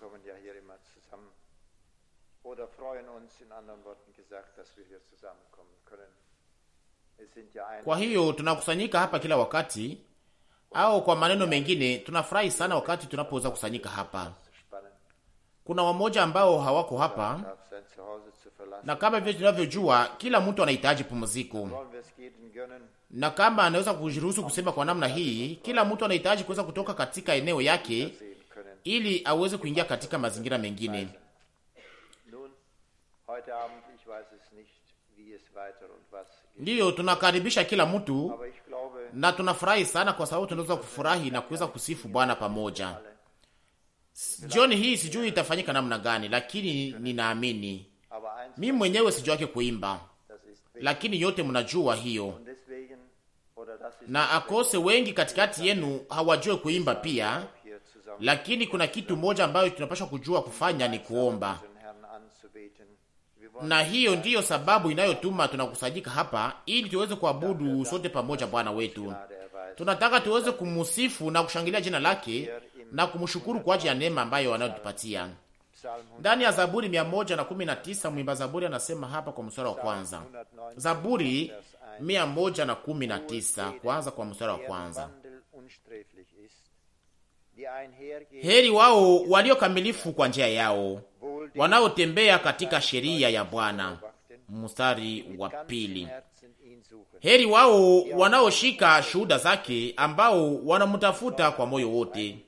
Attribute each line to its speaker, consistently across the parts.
Speaker 1: kommen ja hier immer zusammen. Oder freuen uns, in anderen Worten gesagt, dass wir hier zusammenkommen können. sind ja ein. Kwa
Speaker 2: hiyo tunakusanyika hapa kila wakati, au kwa maneno mengine, tunafurahi sana wakati tunapoweza kusanyika hapa. Kuna wamoja ambao hawako hapa, na kama vile tunavyojua, kila mtu anahitaji pumziko, na kama anaweza kujiruhusu kusema kwa namna hii, kila mtu anahitaji kuweza kutoka katika eneo yake ili aweze kuingia katika mazingira mengine. Ndiyo, tunakaribisha kila mtu na tunafurahi sana kwa sababu tunaweza kufurahi na kuweza kusifu Bwana pamoja. Jioni hii sijui itafanyika namna gani, lakini ninaamini mimi mwenyewe sijui yake kuimba, lakini yote mnajua hiyo,
Speaker 1: na akose
Speaker 2: wengi katikati yenu hawajue kuimba pia, lakini kuna kitu moja ambayo tunapaswa kujua kufanya ni kuomba, na hiyo ndiyo sababu inayotuma tunakusajika hapa ili tuweze kuabudu sote pamoja Bwana wetu. Tunataka tuweze kumusifu na kushangilia jina lake na kumshukuru kwa ajili ya neema ambayo anayotupatia. Ndani ya Zaburi 119 mwimba Zaburi anasema hapa kwa mstari wa kwanza,
Speaker 1: Zaburi
Speaker 2: 119 kwanza kwa mstari wa kwanza
Speaker 1: Heri wao
Speaker 2: walio kamilifu kwa njia yao, wanaotembea katika sheria ya Bwana. Mstari wa pili. Heri wao wanaoshika shuhuda zake, ambao wanamtafuta kwa moyo wote.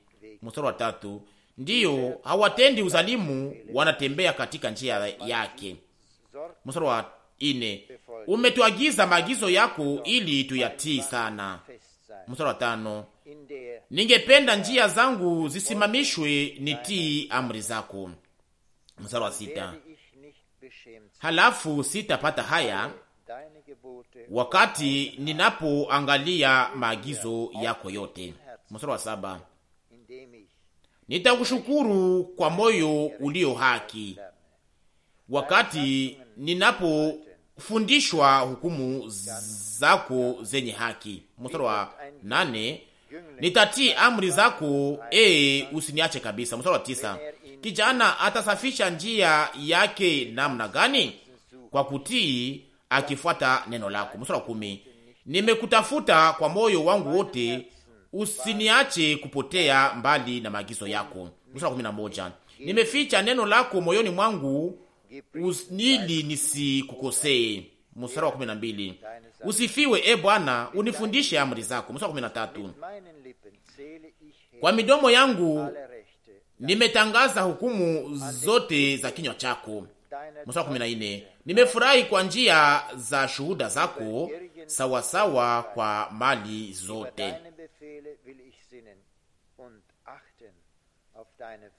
Speaker 2: Mstari wa tatu. Ndiyo, hawatendi uzalimu, wanatembea katika njia yake. Mstari wa ine. Umetuagiza maagizo yako ili tuyatii sana. Mstari wa tano ningependa njia zangu zisimamishwe, nitii amri zako. Mstari wa sita, halafu sitapata haya wakati ninapoangalia maagizo yako yote. Mstari wa saba, nitakushukuru kwa moyo ulio haki wakati ninapofundishwa hukumu zako zenye haki. Mstari wa nane, nitatii amri zako, ee, usiniache kabisa. Mstari wa tisa, kijana atasafisha njia yake namna gani? Kwa kutii akifuata neno lako. Mstari wa kumi, nimekutafuta kwa moyo wangu wote, usiniache kupotea mbali na maagizo yako. Mstari wa kumi na moja, nimeficha neno lako moyoni mwangu, ili nisikukosee mstari wa usifiwe e Bwana, unifundishe amri zako. Mstari wa kwa midomo yangu nimetangaza hukumu zote za kinywa chako. Mstari wa nimefurahi kwa njia za shuhuda zako, sawasawa kwa mali zote.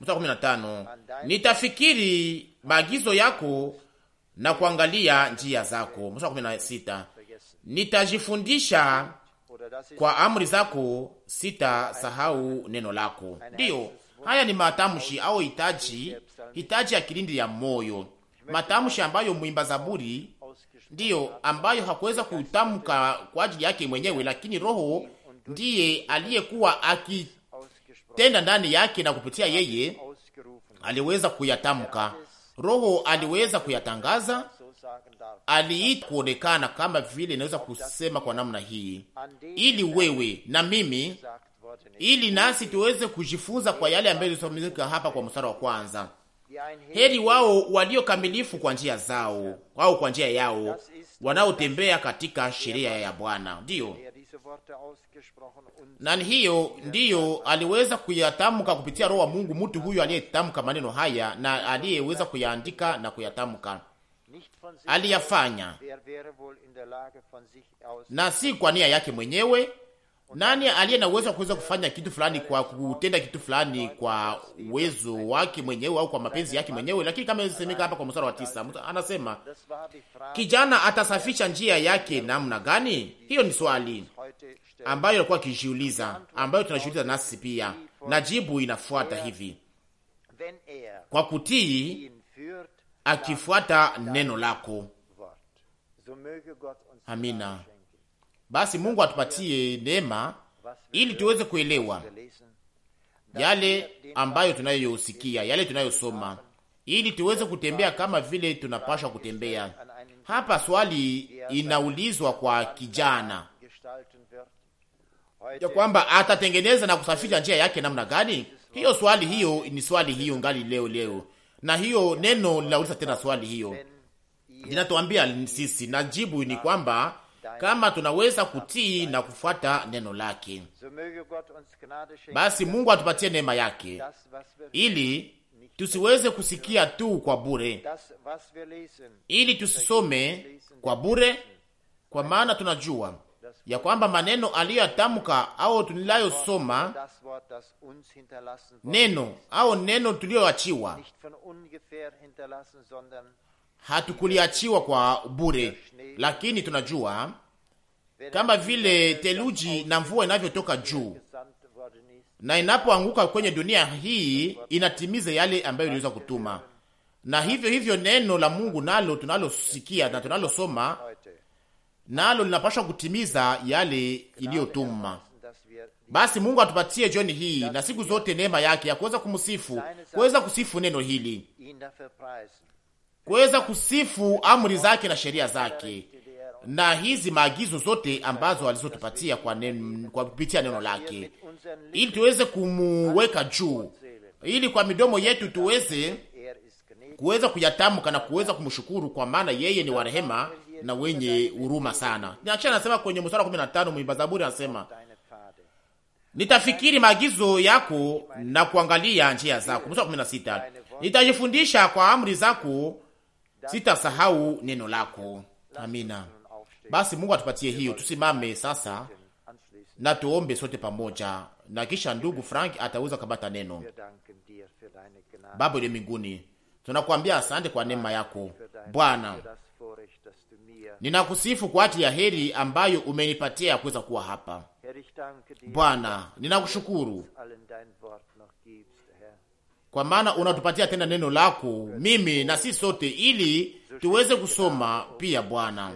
Speaker 1: Mstari wa nitafikiri
Speaker 2: maagizo yako na kuangalia njia zako. Mstari kumi na sita, nitajifundisha kwa amri zako, sita sahau neno lako. Ndiyo, haya ni matamshi au hitaji, hitaji ya kilindi ya moyo, matamshi ambayo mwimba Zaburi ndiyo ambayo hakuweza kutamka kwa ajili yake mwenyewe, lakini Roho ndiye aliyekuwa akitenda ndani yake na kupitia yeye aliweza kuyatamka. Roho aliweza kuyatangaza, aliita kuonekana, kama vile inaweza kusema kwa namna hii, ili wewe na mimi, ili nasi tuweze kujifunza kwa yale ambayo ilisomeka hapa kwa mstari wa kwanza. Heri wao waliokamilifu kwa njia zao au kwa njia yao, wanaotembea katika sheria ya Bwana. Ndiyo, na hiyo ndiyo aliweza kuyatamka kupitia Roho wa Mungu, mtu huyu aliyetamka maneno haya na aliyeweza kuyaandika na kuyatamka
Speaker 1: aliyafanya,
Speaker 2: na si kwa nia yake mwenyewe nani aliye na uwezo wa kuweza kufanya kitu fulani kwa kutenda kitu fulani kwa uwezo wake mwenyewe au kwa mapenzi yake mwenyewe? Lakini kama inasemeka hapa kwa mstari wa tisa, anasema kijana atasafisha njia yake namna gani? Hiyo ni swali ambayo alikuwa akijiuliza, ambayo tunajiuliza nasi pia, na jibu inafuata hivi:
Speaker 1: kwa kutii, akifuata
Speaker 2: neno lako. Amina. Basi Mungu atupatie neema
Speaker 1: ili tuweze kuelewa
Speaker 2: yale ambayo tunayosikia yale tunayosoma, ili tuweze kutembea kama vile tunapashwa kutembea. Hapa swali inaulizwa kwa kijana ya kwamba atatengeneza na kusafisha njia yake namna gani? Hiyo swali hiyo ni swali hiyo ngali leo leo, na hiyo neno linauliza tena swali hiyo, linatuambia sisi, na jibu ni kwamba kama tunaweza kutii na kufuata neno lake.
Speaker 1: Basi Mungu atupatie
Speaker 2: neema yake ili tusiweze kusikia tu kwa bure, ili tusisome kwa bure, kwa maana tunajua ya kwamba maneno aliyoyatamka au tuniliyosoma neno au neno tuliyoachiwa hatukuliachiwa kwa bure, lakini tunajua kama vile theluji na mvua inavyotoka juu na inapoanguka kwenye dunia hii inatimiza yale ambayo iliweza kutuma, na hivyo hivyo neno la Mungu nalo tunalosikia na tunalosoma nalo linapaswa kutimiza yale iliyotuma. Basi Mungu atupatie jioni hii na siku zote neema yake ya kuweza kumsifu, kuweza kusifu neno hili kuweza kusifu amri zake na sheria zake na hizi maagizo zote ambazo alizotupatia kwa, neno, kwa kupitia neno lake, ili tuweze kumuweka juu, ili kwa midomo yetu tuweze kuweza kuyatamka na kuweza kumshukuru, kwa maana yeye ni warehema na wenye huruma sana. Nacha anasema kwenye mstari wa 15 mwimba Zaburi anasema nitafikiri maagizo yako na kuangalia njia zako. Mstari wa 16 nitajifundisha kwa amri zako sitasahau neno lako. Amina. Basi Mungu atupatie hiyo. Tusimame sasa na tuombe sote pamoja, na kisha ndugu Frank ataweza kabata neno. Baba ile mbinguni, tunakuambia asante kwa neema yako Bwana, ninakusifu kwa ajili ya heri ambayo umenipatia ya kuweza kuwa hapa Bwana, ninakushukuru kwa maana unatupatia tena neno lako mimi na si sote, ili tuweze kusoma pia. Bwana,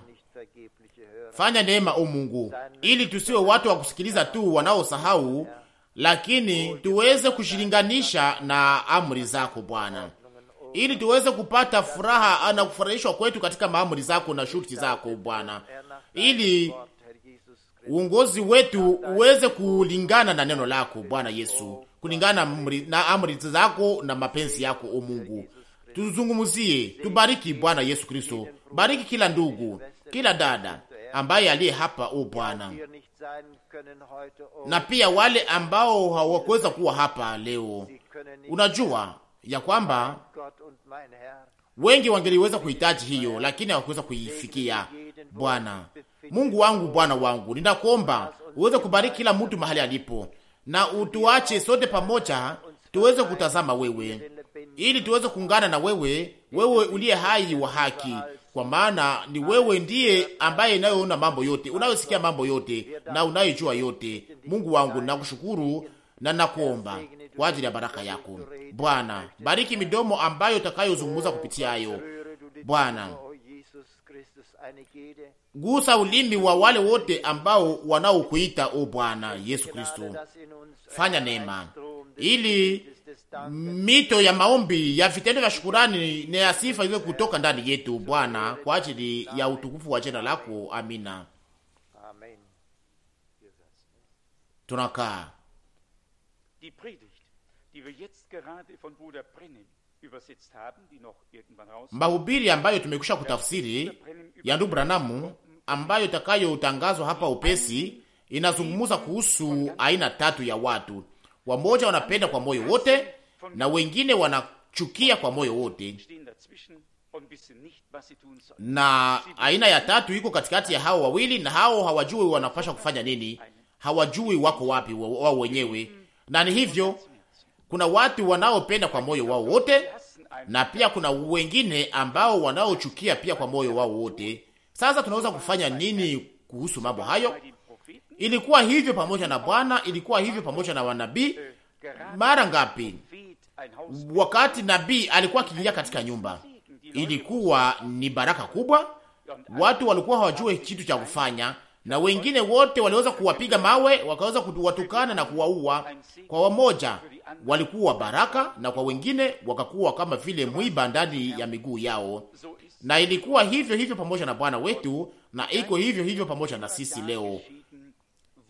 Speaker 2: fanya neema, o Mungu, ili tusiwe watu wa kusikiliza tu wanaosahau, lakini tuweze kushilinganisha na amri zako Bwana, ili tuweze kupata furaha na kufurahishwa kwetu katika maamri zako na shurti zako Bwana, ili uongozi wetu uweze kulingana na neno lako Bwana Yesu kulingana na amri zako na mapenzi yako, o Mungu. Tuzungumzie, tubariki Bwana Yesu Kristo, bariki kila ndugu, kila dada ambaye aliye hapa, o Bwana,
Speaker 1: na pia wale
Speaker 2: ambao hawakuweza kuwa hapa leo. Unajua ya kwamba wengi wangeliweza kuhitaji hiyo, lakini hawakuweza kuifikia. Bwana Mungu wangu, Bwana wangu, ninakuomba uweze kubariki kila mtu mahali alipo na utuache sote pamoja tuweze kutazama wewe, ili tuweze kuungana na wewe, wewe uliye hai wa haki, kwa maana ni wewe ndiye ambaye inayoona mambo yote, unayosikia mambo yote na unayejua yote. Mungu wangu, nakushukuru na nakuomba kwa ajili ya baraka yako Bwana. Bariki midomo ambayo utakayozungumza kupitia hayo Bwana gusa ulimi wa wale wote ambao wanaokuita o Bwana Yesu Kristo. Fanya neema ili mito ya maombi ya vitendo vya shukurani na ya sifa iwe kutoka ndani yetu Bwana, kwa ajili ya utukufu wa jina lako. Amina. Tunakaa mahubiri ambayo tumekwisha kutafsiri ya ndugu Branamu ambayo itakayotangazwa hapa upesi inazungumza kuhusu aina tatu ya watu. Wamoja wanapenda kwa moyo wote na wengine wanachukia kwa moyo wote, na aina ya tatu iko katikati ya hao wawili, na hao hawajui wanapasha kufanya nini, hawajui wako wapi wao wenyewe. Na ni hivyo, kuna watu wanaopenda kwa moyo wao wote, na pia kuna wengine ambao wanaochukia pia kwa moyo wao wote. Sasa tunaweza kufanya nini kuhusu mambo hayo? Ilikuwa hivyo pamoja na Bwana, ilikuwa hivyo pamoja na wanabii. Mara ngapi wakati nabii alikuwa akiingia katika nyumba, ilikuwa ni baraka kubwa, watu walikuwa hawajue kitu cha kufanya na wengine wote waliweza kuwapiga mawe, wakaweza kuwatukana na kuwaua. Kwa wamoja walikuwa baraka, na kwa wengine wakakuwa kama vile mwiba ndani ya miguu yao. Na ilikuwa hivyo hivyo pamoja na Bwana wetu, na iko hivyo hivyo pamoja na sisi leo.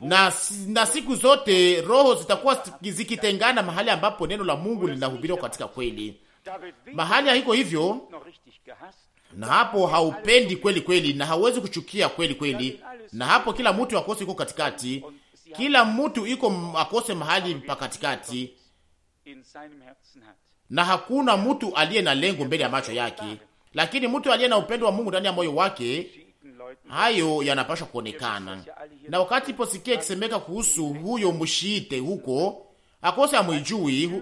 Speaker 2: Na, na siku zote roho zitakuwa zikitengana mahali ambapo neno la Mungu linahubiriwa katika kweli. Mahali haiko hivyo, na hapo haupendi kweli kweli na hauwezi kuchukia kweli kweli, na hapo kila mtu akose iko katikati, kila mtu iko akose mahali pa katikati, na hakuna mtu aliye na lengo mbele ya macho yake, lakini mtu aliye na upendo wa Mungu ndani ya moyo wake hayo yanapashwa kuonekana. Na wakati posikia kisemeka kuhusu huyo mshiite huko akose amwijui,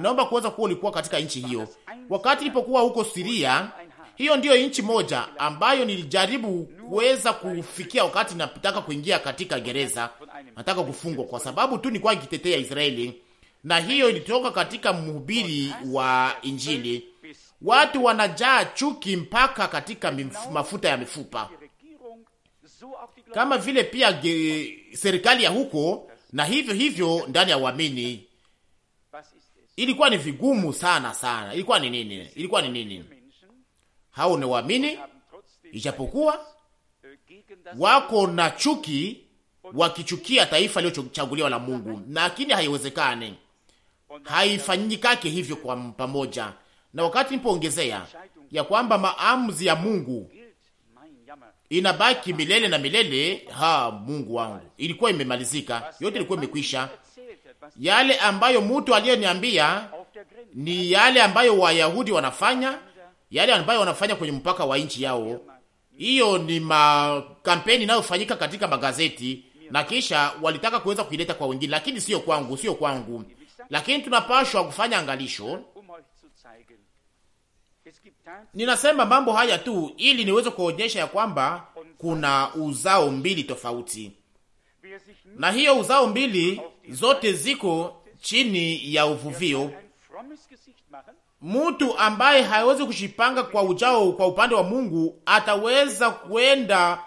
Speaker 2: naomba kuweza kuwa ulikuwa katika nchi hiyo. Wakati ilipokuwa huko Siria, hiyo ndiyo nchi moja ambayo nilijaribu kuweza kufikia wakati nataka kuingia katika gereza, nataka kufungwa kwa sababu tu nilikuwa nikitetea Israeli, na hiyo ilitoka katika mhubiri wa Injili. Watu wanajaa chuki mpaka katika mafuta ya mifupa, kama vile pia ge, serikali ya huko na hivyo hivyo ndani ya uamini. Ilikuwa ni vigumu sana sana. Ilikuwa ni nini? Ilikuwa ni nini? hao ni waamini, ijapokuwa wako na chuki, wakichukia taifa chaguliwa la Mungu, lakini haiwezekani, haifanyikake hivyo kwa pamoja. Na wakati nipoongezea ya kwamba maamuzi ya Mungu inabaki milele na milele. Ha, Mungu wangu, ilikuwa imemalizika yote, ilikuwa imekwisha. Yale ambayo mtu aliyeniambia ni yale ambayo Wayahudi wanafanya yale ambayo wanafanya kwenye mpaka wa nchi yao. Hiyo ni makampeni inayofanyika katika magazeti, na kisha walitaka kuweza kuileta kwa wengine, lakini sio kwangu, sio kwangu. Lakini tunapashwa kufanya angalisho. Ninasema mambo haya tu ili niweze kuonyesha ya kwamba kuna uzao mbili tofauti, na hiyo uzao mbili zote ziko chini ya uvuvio mtu ambaye hawezi kushipanga kwa ujao kwa upande wa Mungu ataweza kwenda,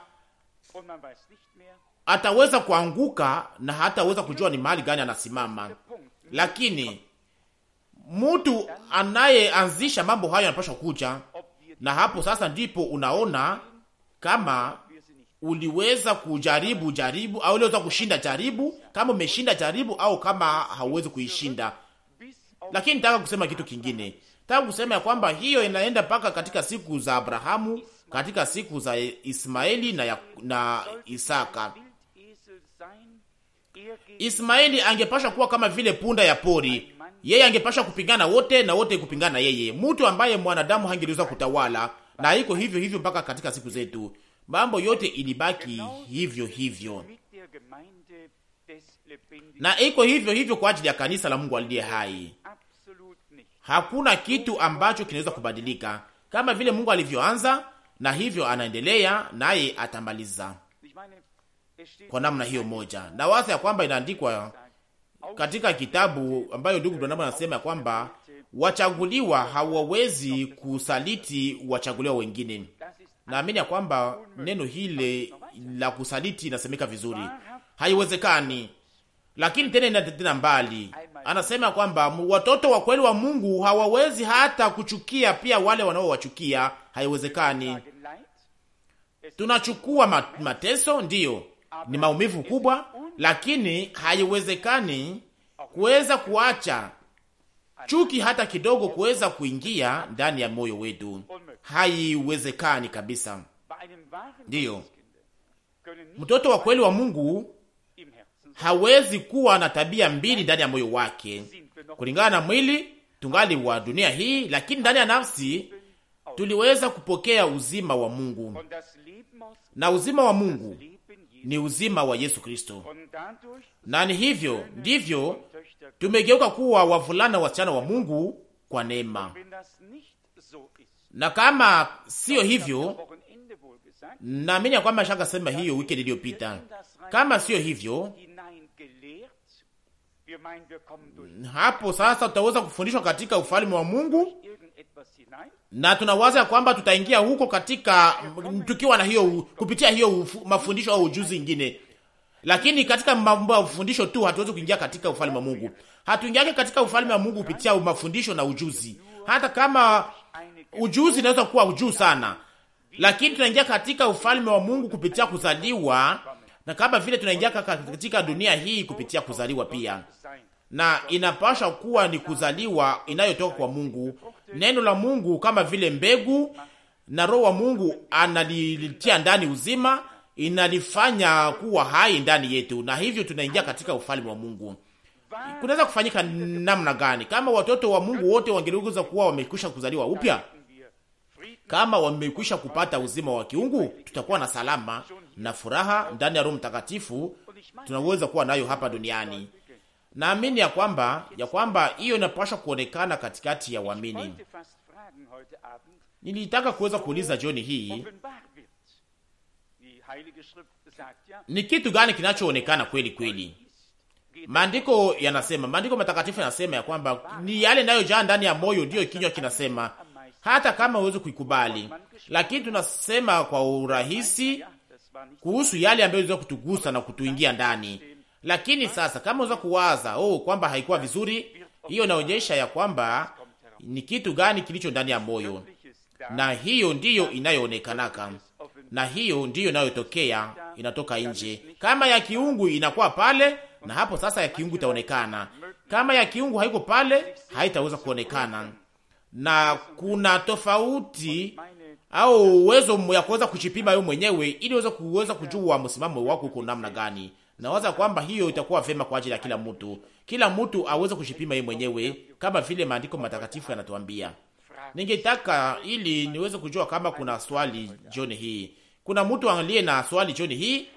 Speaker 2: ataweza kuanguka na hataweza kujua ni mahali gani anasimama. Lakini mtu anayeanzisha mambo hayo anapaswa kuja, na hapo sasa ndipo unaona kama uliweza kujaribu jaribu au uliweza kushinda jaribu, kama umeshinda jaribu au kama hauwezi kuishinda. Lakini nataka kusema kitu kingine. Nataka kusema ya kwamba hiyo inaenda mpaka katika siku za Abrahamu, katika siku za Ismaeli na, ya, na Isaka. Ismaeli angepasha kuwa kama vile punda ya pori. Yeye angepasha kupingana wote na wote kupingana yeye, mtu ambaye mwanadamu hangeliweza kutawala, na iko hivyo hivyo mpaka katika siku zetu. Mambo yote ilibaki hivyo hivyo, na iko hivyo hivyo kwa ajili ya kanisa la Mungu aliye hai. Hakuna kitu ambacho kinaweza kubadilika, kama vile Mungu alivyoanza na hivyo anaendelea naye atamaliza kwa namna hiyo moja. Na waza ya kwamba inaandikwa katika kitabu ambayo ndugu Branham anasema ya kwamba wachaguliwa hawawezi kusaliti wachaguliwa wengine. Naamini ya kwamba neno hile la kusaliti inasemeka vizuri, haiwezekani. Lakini tena ina tena mbali, anasema kwamba watoto wa kweli wa Mungu hawawezi hata kuchukia pia wale wanaowachukia. Haiwezekani. Tunachukua mateso, ndiyo, ni maumivu kubwa, lakini haiwezekani kuweza kuacha chuki hata kidogo kuweza kuingia ndani ya moyo wetu. Haiwezekani kabisa, ndiyo. Mtoto wa kweli wa Mungu hawezi kuwa na tabia mbili ndani ya moyo wake. Kulingana na mwili tungali wa dunia hii, lakini ndani ya nafsi tuliweza kupokea uzima wa Mungu, na uzima wa Mungu ni uzima wa Yesu Kristo, na ni hivyo ndivyo tumegeuka kuwa wavulana wasichana wa Mungu kwa neema. Na kama siyo hivyo, naamini ya kwamba shaka sema hiyo wikendi iliyopita, kama siyo hivyo hapo sasa tutaweza kufundishwa katika ufalme wa Mungu, na tunawaza ya kwamba tutaingia huko katika tukiwa na hiyo kupitia hiyo mafundisho au ujuzi ingine, lakini katika mambo ya ufundisho tu hatuwezi kuingia katika ufalme wa Mungu. Hatuingiake katika ufalme wa Mungu kupitia mafundisho na ujuzi, hata kama ujuzi inaweza kuwa juu sana, lakini tunaingia katika ufalme wa Mungu kupitia kuzaliwa na kama vile tunaingia katika dunia hii kupitia kuzaliwa pia, na inapasha kuwa ni kuzaliwa inayotoka kwa Mungu, neno la Mungu kama vile mbegu, na roho wa Mungu analitia ndani uzima, inalifanya kuwa hai ndani yetu, na hivyo tunaingia katika ufalme wa Mungu. Kunaweza kufanyika namna gani? Kama watoto wa Mungu wote wangeliweza kuwa wamekwisha kuzaliwa upya kama wamekwisha kupata uzima wa kiungu, tutakuwa na salama na furaha ndani ya Roho Mtakatifu tunaweza kuwa nayo hapa duniani. Naamini ya kwamba ya kwamba hiyo inapaswa kuonekana katikati ya waamini. Nilitaka kuweza kuuliza jioni hii ni kitu gani kinachoonekana kweli kweli. Maandiko yanasema, maandiko matakatifu yanasema ya kwamba ni yale inayojaa ndani ya moyo, ndiyo kinywa kinasema hata kama uweze kuikubali, lakini tunasema kwa urahisi kuhusu yale ambayo iliweza kutugusa na kutuingia ndani. Lakini sasa kama unaweza kuwaza oh, kwamba haikuwa vizuri, hiyo inaonyesha ya kwamba ni kitu gani kilicho ndani ya moyo, na hiyo ndiyo inayoonekanaka na hiyo ndiyo inayotokea inatoka nje. Kama ya kiungu inakuwa pale, na hapo sasa ya kiungu itaonekana. Kama ya kiungu haiko pale, haitaweza kuonekana na kuna tofauti au uwezo ya kuweza kuchipima wewe mwenyewe ili uweze kuweza kujua msimamo wako uko namna gani. Nawaza kwamba hiyo itakuwa vema kwa ajili ya kila mtu, kila mtu aweze kujipima yeye mwenyewe kama vile maandiko matakatifu yanatuambia. Ningetaka ili niweze kujua kama kuna swali jioni hii, kuna mtu aliye na swali jioni hii?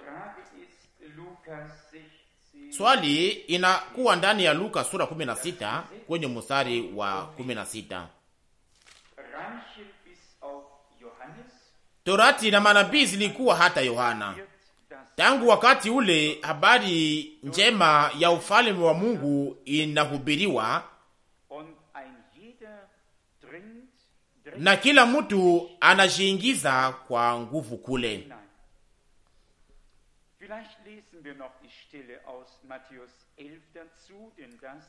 Speaker 2: Swali inakuwa ndani ya Luka sura 16 kwenye mstari wa 16. Torati na manabii zilikuwa hata Yohana. Tangu wakati ule habari njema ya ufalme wa Mungu inahubiriwa na kila mtu anajiingiza kwa nguvu kule.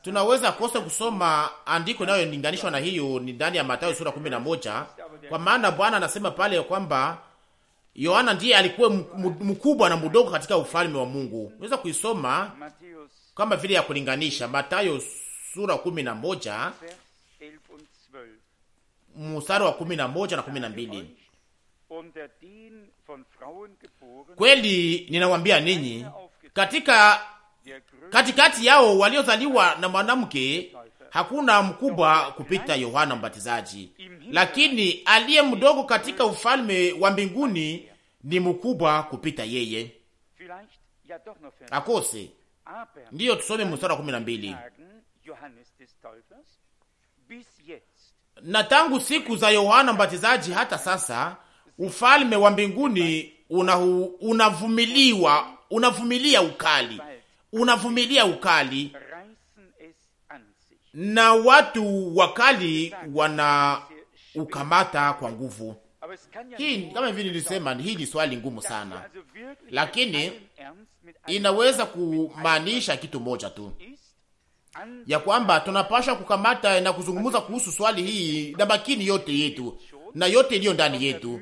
Speaker 2: Tunaweza kosa kusoma andiko inayolinganishwa na hiyo ni ndani ya Mathayo sura 11, kwa maana Bwana anasema pale kwamba Yohana ndiye alikuwa mkubwa na mdogo katika ufalme wa Mungu. Unaweza kuisoma kama vile ya kulinganisha Mathayo sura 11 mstari wa kumi na mbili. Kweli ninawambia ninyi katika Katikati yao waliozaliwa na mwanamke hakuna mkubwa kupita Yohana Mbatizaji, lakini aliye mdogo katika ufalme wa mbinguni ni mkubwa kupita yeye.
Speaker 1: Akose ndiyo,
Speaker 2: tusome mstari wa kumi na mbili. Na tangu siku za Yohana Mbatizaji hata sasa ufalme wa mbinguni unavumiliwa unavumilia ukali unavumilia ukali na watu wakali wana ukamata kwa nguvu. Hii kama vile nilisema, hii ni swali ngumu sana, lakini inaweza kumaanisha kitu moja tu, ya kwamba tunapasha kukamata na kuzungumza kuhusu swali hii na makini yote yetu na yote iliyo ndani yetu.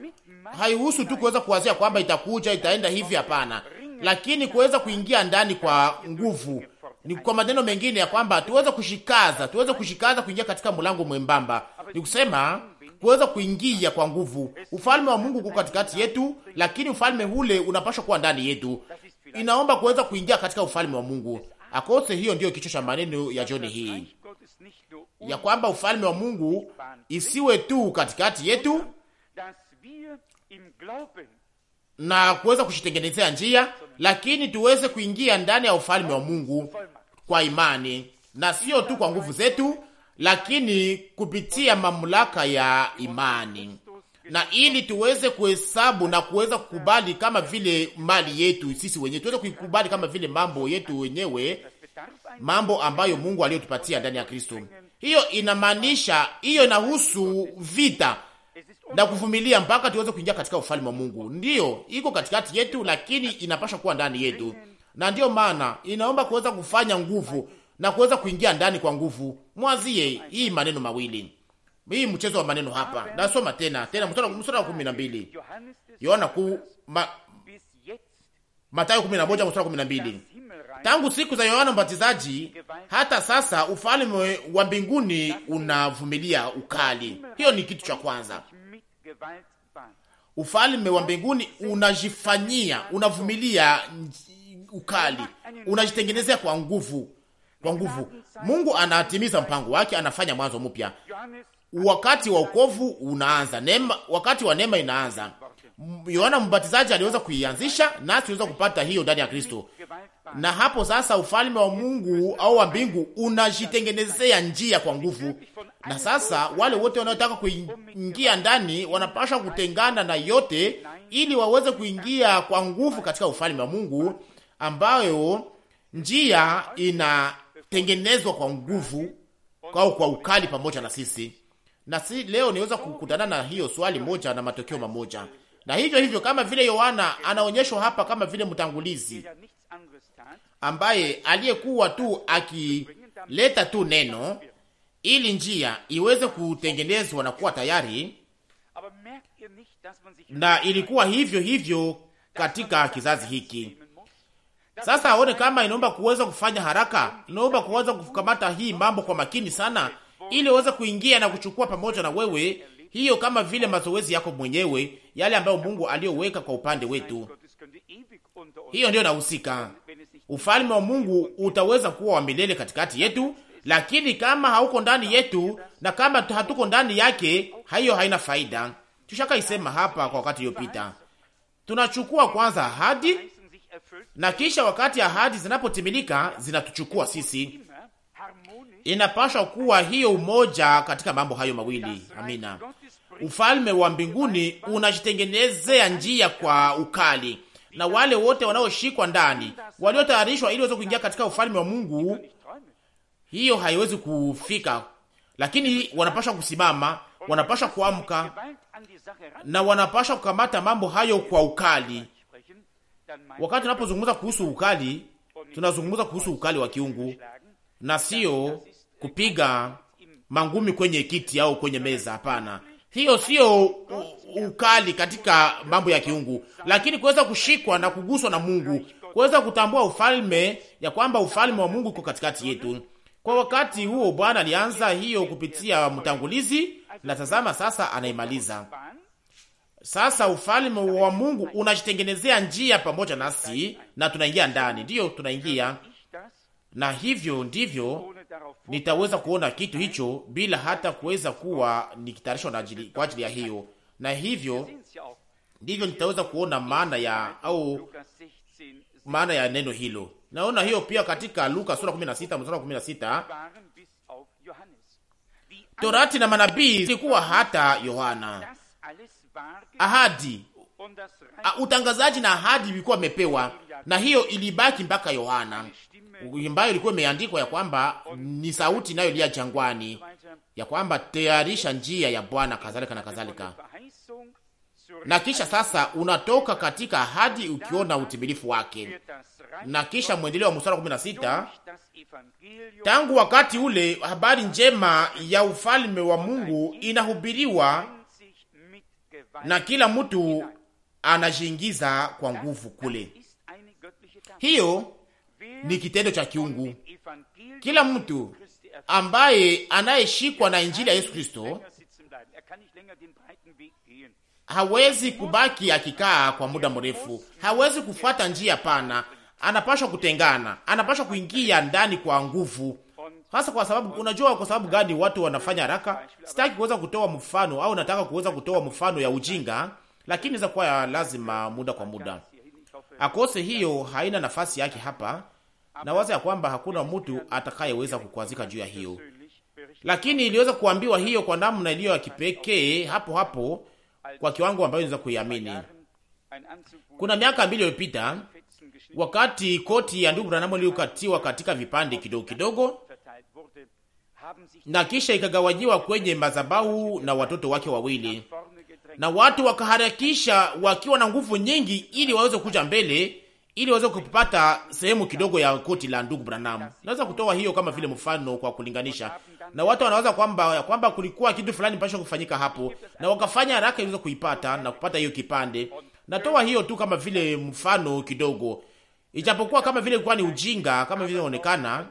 Speaker 2: Haihusu tu kuweza kuwazia kwamba itakuja itaenda hivi, hapana, lakini kuweza kuingia ndani kwa nguvu. Ni kwa maneno mengine ya kwamba tuweze kushikaza, tuweze kushikaza kuingia katika mlango mwembamba, ni kusema kuweza kuingia kwa nguvu. Ufalme wa Mungu uko katikati yetu, lakini ufalme ule unapaswa kuwa ndani yetu. Inaomba kuweza kuingia katika ufalme wa Mungu akose. Hiyo ndiyo kichwa cha maneno ya John hii ya kwamba ufalme wa Mungu isiwe tu katikati yetu na kuweza kushitengenezea njia, lakini tuweze kuingia ndani ya ufalme wa Mungu kwa imani na sio tu kwa nguvu zetu, lakini kupitia mamlaka ya imani, na ili tuweze kuhesabu na kuweza kukubali kama vile mali yetu sisi wenyewe, tuweze kuikubali kama vile mambo yetu wenyewe, mambo ambayo Mungu aliyotupatia ndani ya Kristo. Hiyo inamaanisha, hiyo inahusu vita na kuvumilia mpaka tuweze kuingia katika ufalme wa Mungu. Ndiyo iko katikati yetu, lakini inapasha kuwa ndani yetu, na ndiyo maana inaomba kuweza kufanya nguvu na kuweza kuingia ndani kwa nguvu. Mwazie hii maneno mawili, hii mchezo wa maneno hapa. Nasoma tena tena, mstari wa kumi na mbili Yohana ku ma, Mathayo 11 mstari Tangu siku za Yohana Mbatizaji hata sasa ufalme wa mbinguni unavumilia ukali. Hiyo ni kitu cha kwanza. Ufalme wa mbinguni unajifanyia, unavumilia ukali, unajitengenezea kwa nguvu, kwa nguvu. Mungu anatimiza mpango wake, anafanya mwanzo mpya. Wakati wa ukovu unaanza neema, wakati wa neema inaanza. Yohana Mbatizaji aliweza kuianzisha, nasi tunaweza kupata hiyo ndani ya Kristo. Na hapo sasa ufalme wa Mungu au wa mbingu unajitengenezea njia kwa nguvu, na sasa wale wote wanaotaka kuingia ndani wanapasha kutengana na yote, ili waweze kuingia kwa nguvu katika ufalme wa Mungu ambayo njia inatengenezwa kwa nguvu au kwa ukali pamoja na sisi. Na si leo niweza kukutana na hiyo swali moja na matokeo mamoja na hivyo hivyo, kama vile Yohana anaonyeshwa hapa kama vile mtangulizi ambaye aliyekuwa tu akileta tu neno ili njia iweze kutengenezwa na kuwa tayari, na ilikuwa hivyo hivyo katika kizazi hiki. Sasa aone kama inaomba kuweza kufanya haraka, inaomba kuweza kukamata hii mambo kwa makini sana, ili uweze kuingia na kuchukua pamoja na wewe hiyo kama vile mazoezi yako mwenyewe, yale ambayo Mungu aliyoweka kwa upande wetu, hiyo ndiyo nahusika. Ufalme wa Mungu utaweza kuwa wa milele katikati yetu, lakini kama hauko ndani yetu na kama hatuko ndani yake, hiyo haina faida. Tushaka isema hapa kwa wakati uliopita, tunachukua kwanza ahadi na kisha wakati ahadi zinapotimilika zinatuchukua sisi. Inapaswa kuwa hiyo umoja katika mambo hayo mawili. Amina ufalme wa mbinguni unajitengenezea njia kwa ukali, na wale wote wanaoshikwa ndani, waliotayarishwa ili waweze kuingia katika ufalme wa Mungu, hiyo haiwezi kufika, lakini wanapashwa kusimama, wanapashwa kuamka na wanapashwa kukamata mambo hayo kwa ukali. Wakati tunapozungumza kuhusu ukali, tunazungumza kuhusu ukali wa kiungu na sio kupiga mangumi kwenye kiti au kwenye meza. Hapana, hiyo sio ukali katika mambo ya kiungu, lakini kuweza kushikwa na kuguswa na Mungu, kuweza kutambua ufalme ya kwamba ufalme wa Mungu uko katikati yetu. Kwa wakati huo Bwana alianza hiyo kupitia mtangulizi, na tazama sasa anaimaliza. Sasa ufalme wa Mungu unajitengenezea njia pamoja nasi, na tunaingia ndani, ndiyo tunaingia, na hivyo ndivyo nitaweza kuona kitu hicho bila hata kuweza kuwa nikitayarishwa na ajili, kwa ajili ya hiyo, na hivyo ndivyo nitaweza kuona maana ya au maana ya neno hilo. Naona hiyo pia katika Luka sura 16 mstari 16, Torati na manabii zilikuwa hata Yohana, ahadi utangazaji na ahadi ilikuwa imepewa, na hiyo ilibaki mpaka Yohana ambayo ilikuwa imeandikwa ya kwamba ni sauti inayolia jangwani, ya kwamba tayarisha njia ya Bwana, kadhalika na kadhalika. Na kisha sasa unatoka katika ahadi ukiona utimilifu wake. Na kisha mwendeleo wa mstari wa 16, tangu wakati ule habari njema ya ufalme wa Mungu inahubiriwa na kila mtu anajiingiza kwa nguvu kule. Hiyo ni kitendo cha kiungu. Kila mtu ambaye anayeshikwa na injili ya Yesu Kristo er hawezi kubaki akikaa kwa muda mrefu, hawezi kufuata njia pana, anapashwa kutengana, anapashwa kuingia ndani kwa nguvu hasa kwa sababu unajua, kwa sababu gani watu wanafanya haraka? Sitaki kuweza kutoa mfano au nataka kuweza kutoa mfano ya ujinga, lakini inaweza kuwa lazima muda kwa muda akose. Hiyo haina nafasi yake hapa, na waza ya kwamba hakuna mtu atakayeweza kukwazika juu ya hiyo, lakini iliweza kuambiwa hiyo kwa namna iliyo ya kipekee hapo hapo kwa kiwango ambayo inaweza kuiamini. Kuna miaka mbili iliyopita, wakati koti ya ndugu Branham iliyokatiwa katika vipande kidogo kidogo na kisha ikagawajiwa kwenye madhabahu na watoto wake wawili, na watu wakaharakisha wakiwa na nguvu nyingi, ili waweze kuja mbele ili waweze kupata sehemu kidogo ya koti la ndugu Branham. Naweza kutoa hiyo kama vile mfano kwa kulinganisha, na watu wanaweza kwamba kwamba kulikuwa kitu fulani pasha kufanyika hapo, na wakafanya haraka ili kuipata na kupata hiyo kipande. Natoa hiyo tu kama vile mfano kidogo, ijapokuwa kama vile ilikuwa ni ujinga, kama vile inaonekana,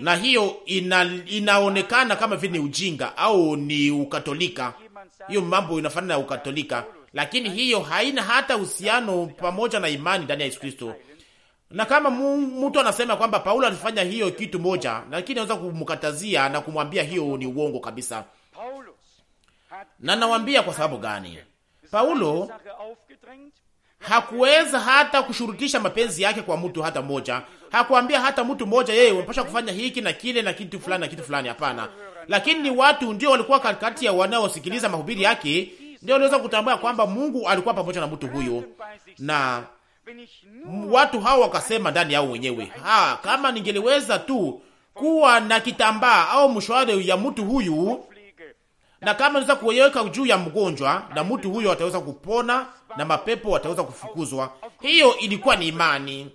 Speaker 2: na hiyo ina, inaonekana kama vile ni ujinga au ni ukatolika. Hiyo mambo inafanana na ukatolika lakini hiyo haina hata uhusiano pamoja na imani ndani ya Yesu Kristo. Na kama mtu anasema kwamba Paulo alifanya hiyo kitu moja, lakini anaweza kumkatazia na kumwambia hiyo ni uongo kabisa. Na nawaambia kwa sababu gani? Paulo hakuweza hata kushurutisha mapenzi yake kwa mtu hata mmoja. Hakuambia hata mtu mmoja yeye unapaswa kufanya hiki na kile na kitu fulani na kitu fulani, hapana. Lakini ni watu ndio walikuwa katikati ya wanaosikiliza mahubiri yake ndio aliweza kutambua kwamba Mungu alikuwa pamoja na mtu huyo, na watu hao wakasema ndani yao wenyewe, ha, kama ningeliweza tu kuwa na kitambaa au mshwari ya mtu huyu, na kama niweza kuweka juu ya mgonjwa, na mtu huyo ataweza kupona na mapepo wataweza kufukuzwa. Hiyo ilikuwa ni imani,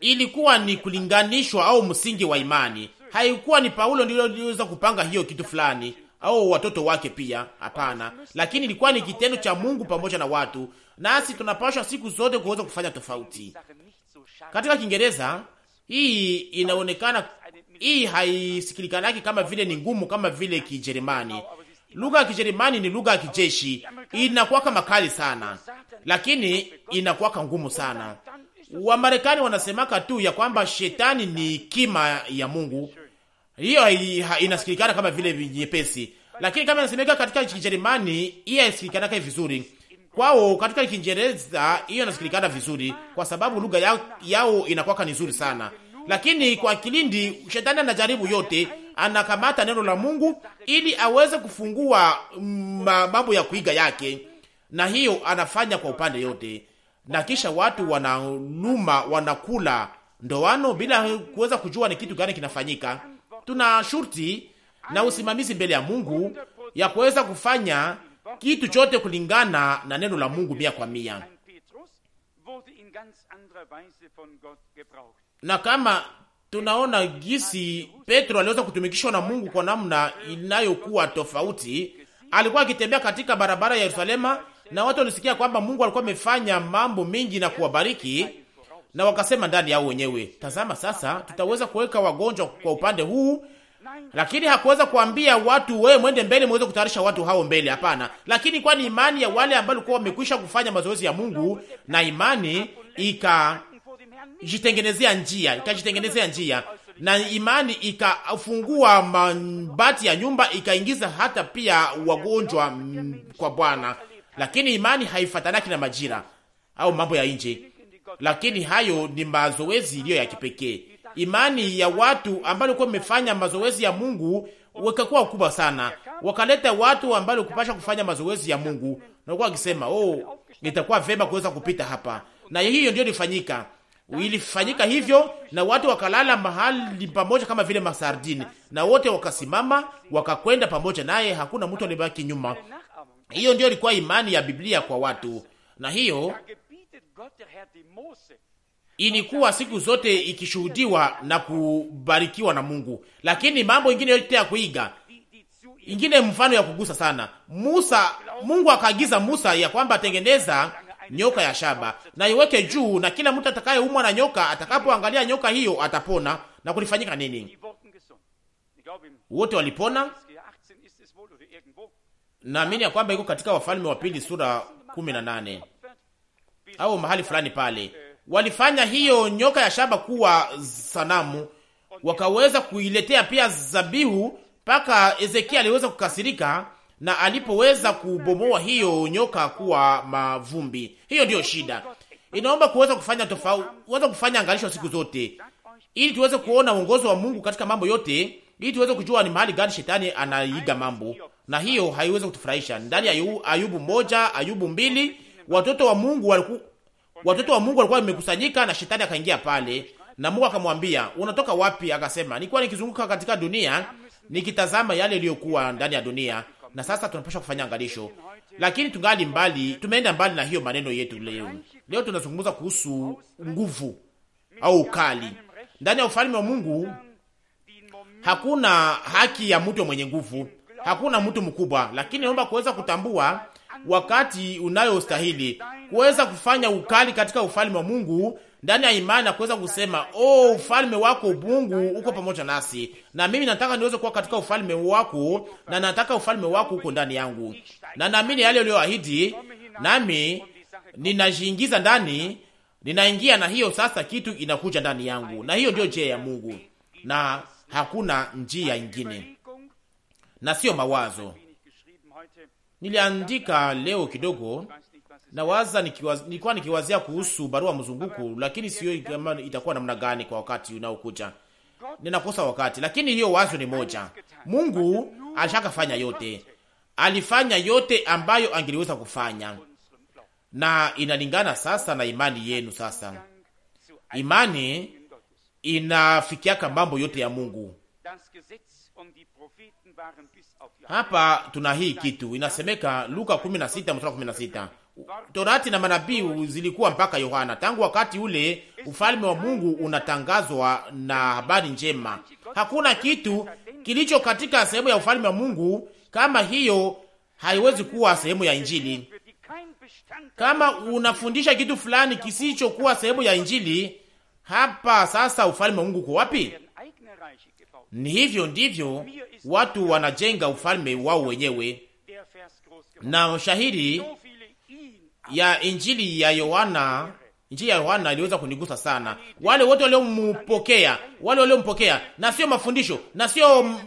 Speaker 2: ilikuwa ni kulinganishwa au msingi wa imani. Haikuwa ni Paulo ndiyo liweza kupanga hiyo kitu fulani, au watoto wake pia, hapana, lakini ilikuwa ni kitendo cha Mungu pamoja na watu, nasi tunapashwa siku zote kuweza kufanya tofauti. Katika Kiingereza hii inaonekana, hii haisikilikanaki kama vile ni ngumu, kama vile Kijerumani. Lugha ya Kijerumani ni lugha ya kijeshi, inakuwaka makali sana, lakini inakuwaka ngumu sana. Wamarekani wanasemaka tu ya kwamba shetani ni kima ya Mungu hiyo inasikilikana kama vile nyepesi, lakini kama inasemeka katika Kijerumani hiyo inasikilikana kama vizuri kwao. Katika Kiingereza hiyo inasikilikana vizuri, kwa sababu lugha yao, yao inakuwa ni nzuri sana. Lakini kwa Kilindi shetani anajaribu yote, anakamata neno la Mungu ili aweze kufungua mm, mambo ya kuiga yake, na hiyo anafanya kwa upande yote, na kisha watu wananuma wanakula ndoano bila kuweza kujua ni kitu gani kinafanyika tuna shurti na usimamizi mbele ya Mungu ya kuweza kufanya kitu chote kulingana na neno la Mungu mia kwa mia. Na kama tunaona gisi Petro aliweza kutumikishwa na Mungu kwa namna inayokuwa tofauti, alikuwa akitembea katika barabara ya Yerusalema na watu walisikia kwamba Mungu alikuwa amefanya mambo mengi na kuwabariki na wakasema ndani yao wenyewe, tazama sasa tutaweza kuweka wagonjwa kwa upande huu, lakini hakuweza kuambia watu wewe mwende mbele muweze kutayarisha watu hao mbele. Hapana, lakini kwa ni imani ya wale ambao walikuwa wamekwisha kufanya mazoezi ya Mungu, na imani ikajitengenezea njia, ikajitengenezea njia, na imani ikafungua mabati ya nyumba, ikaingiza hata pia wagonjwa kwa Bwana. Lakini imani haifatanaki na majira au mambo ya nje lakini hayo ni mazoezi iliyo ya kipekee. Imani ya watu ambao walikuwa wamefanya mazoezi ya Mungu wakakuwa kubwa sana, wakaleta watu ambao walikupasha kufanya mazoezi ya Mungu, na kwa wakisema oh, nitakuwa vema kuweza kupita hapa, na hiyo ndio ilifanyika. Ilifanyika hivyo na watu wakalala mahali pamoja kama vile masardini, na wote wakasimama wakakwenda pamoja naye, hakuna mtu alibaki nyuma. Hiyo ndio ilikuwa imani ya Biblia kwa watu, na hiyo ilikuwa siku zote ikishuhudiwa na kubarikiwa na Mungu, lakini mambo ingine yote ya kuiga ingine mfano ya kugusa sana. Musa, Mungu akaagiza Musa ya kwamba atengeneza nyoka ya shaba na iweke juu, na kila mtu atakayeumwa na nyoka atakapoangalia nyoka hiyo atapona. Na kulifanyika nini?
Speaker 1: Wote walipona.
Speaker 2: Naamini ya kwamba iko katika Wafalme wa Pili sura nane au mahali fulani pale. Walifanya hiyo nyoka ya shaba kuwa sanamu, wakaweza kuiletea pia zabihu, mpaka Ezekia aliweza kukasirika na alipoweza kubomoa hiyo nyoka kuwa mavumbi. Hiyo ndiyo shida inaomba kuweza kufanya tofauti, kuweza kufanya angalisho siku zote, ili tuweze kuona uongozi wa Mungu katika mambo yote, ili tuweze kujua ni mahali gani shetani anaiga mambo, na hiyo haiwezi kutufurahisha. Ndani ya Ayubu moja, Ayubu mbili watoto wa Mungu walikuwa watoto wa Mungu walikuwa wamekusanyika na shetani akaingia pale, na Mungu akamwambia unatoka wapi? Akasema nilikuwa nikizunguka katika dunia nikitazama yale yaliyokuwa ndani ya dunia, na sasa tunapaswa kufanya angalisho, lakini tungali mbali, tumeenda mbali na hiyo maneno yetu. Leo leo tunazungumza kuhusu nguvu au ukali ndani ya ufalme wa Mungu. Hakuna haki ya mtu mwenye nguvu, hakuna mtu mkubwa, lakini naomba kuweza kutambua wakati unayostahili kuweza kufanya ukali katika ufalme wa Mungu ndani ya imani na kuweza kusema oh, ufalme wako Mungu uko pamoja nasi, na mimi nataka niweze kuwa katika ufalme wako, na nataka ufalme wako uko ndani yangu, na naamini yale uliyoahidi, nami ninajiingiza ndani, ninaingia na hiyo sasa, kitu inakuja ndani yangu, na hiyo ndio njia ya Mungu, na hakuna njia ingine, na sio mawazo Niliandika leo kidogo na waza nikiwaz, nilikuwa nikiwazia kuhusu barua mzunguko, lakini sio kama itakuwa namna gani kwa wakati unaokuja. Ninakosa wakati, lakini hiyo wazo ni moja. Mungu alishakafanya yote, alifanya yote ambayo angeliweza kufanya, na inalingana sasa na imani yenu. Sasa imani inafikiaka mambo yote ya Mungu. Hapa tuna hii kitu inasemeka Luka 16:16. Torati na manabii zilikuwa mpaka Yohana. Tangu wakati ule ufalme wa Mungu unatangazwa na habari njema. Hakuna kitu kilicho katika sehemu ya ufalme wa Mungu kama hiyo haiwezi kuwa sehemu ya Injili. Kama unafundisha kitu fulani kisichokuwa sehemu ya Injili, hapa sasa ufalme wa Mungu uko wapi? Ni hivyo ndivyo watu wanajenga ufalme wao wenyewe, na shahiri ya injili ya Yohana Injili ya Yohana iliweza kunigusa sana. Wale wote waliompokea, wale waliompokea, na sio mafundisho, na sio mm,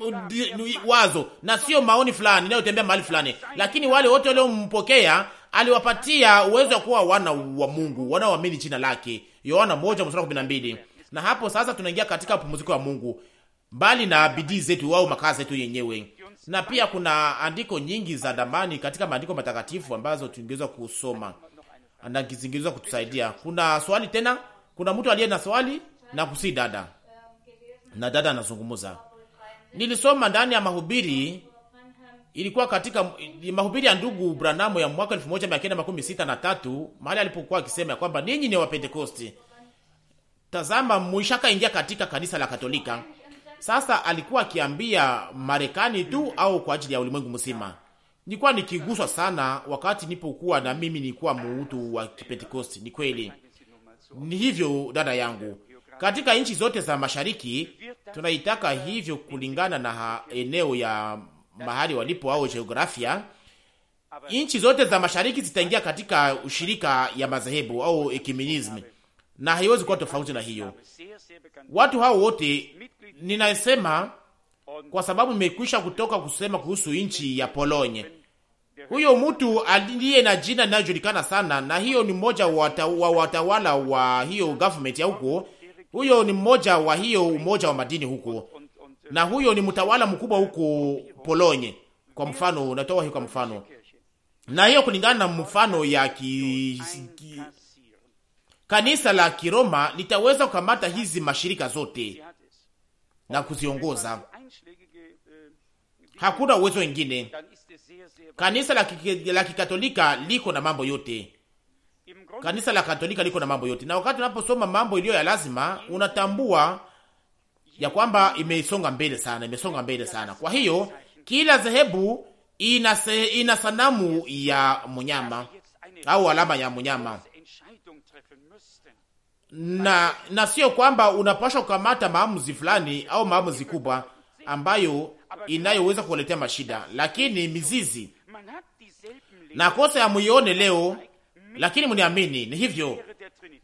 Speaker 2: wazo, na sio maoni fulani inayotembea mahali fulani, lakini wale wote waliompokea aliwapatia uwezo wa kuwa wana wa Mungu, wanaoamini jina lake. Yohana 1:12. Na hapo sasa tunaingia katika pumziko ya Mungu mbali na bidii zetu au makazi yetu yenyewe. Na pia kuna andiko nyingi za damani katika maandiko matakatifu ambazo tungeweza kusoma na kizingizwa kutusaidia. Kuna swali tena, kuna mtu aliye na swali na kusi dada na dada anazungumza. Nilisoma ndani ya mahubiri ilikuwa katika mahubiri ya ndugu Branamu ya mwaka 1963 mahali alipokuwa akisema ya kwamba ninyi ni Wapentekosti. Tazama, mwishaka ingia katika kanisa la Katolika sasa alikuwa akiambia Marekani tu au kwa ajili ya ulimwengu mzima? Nilikuwa nikiguswa sana wakati nipokuwa na mimi nilikuwa muutu wa Kipentekosti. Ni kweli, ni hivyo dada yangu, katika nchi zote za mashariki tunaitaka hivyo kulingana na eneo ya mahali walipo au geografia. Nchi zote za mashariki zitaingia katika ushirika ya madhehebu au ekumenism na haiwezi kuwa tofauti na hiyo. Watu hao wote ninasema kwa sababu nimekwisha kutoka kusema kuhusu nchi ya Polonye. Huyo mtu aliye na jina linayojulikana sana, na hiyo ni mmoja wa watawala wa hiyo government ya huko. Huyo ni mmoja wa hiyo umoja wa madini huko, na huyo ni mtawala mkubwa huko Polonye. Kwa mfano, natoa hiyo kwa mfano, na hiyo kulingana na mfano ya ki, ki, kanisa la Kiroma litaweza kukamata hizi mashirika zote na kuziongoza. Hakuna uwezo wengine. Kanisa la, la kikatolika liko na mambo yote. Kanisa la katolika liko na mambo yote, na wakati unaposoma mambo iliyo ya lazima, unatambua ya kwamba imesonga mbele sana, imesonga mbele sana. Kwa hiyo kila dhehebu ina sanamu ya mnyama au alama ya mnyama na na sio kwamba unapashwa kukamata maamuzi fulani au maamuzi kubwa ambayo inayoweza kuletea mashida, lakini mizizi na kosa ya muione leo, lakini mniamini, ni hivyo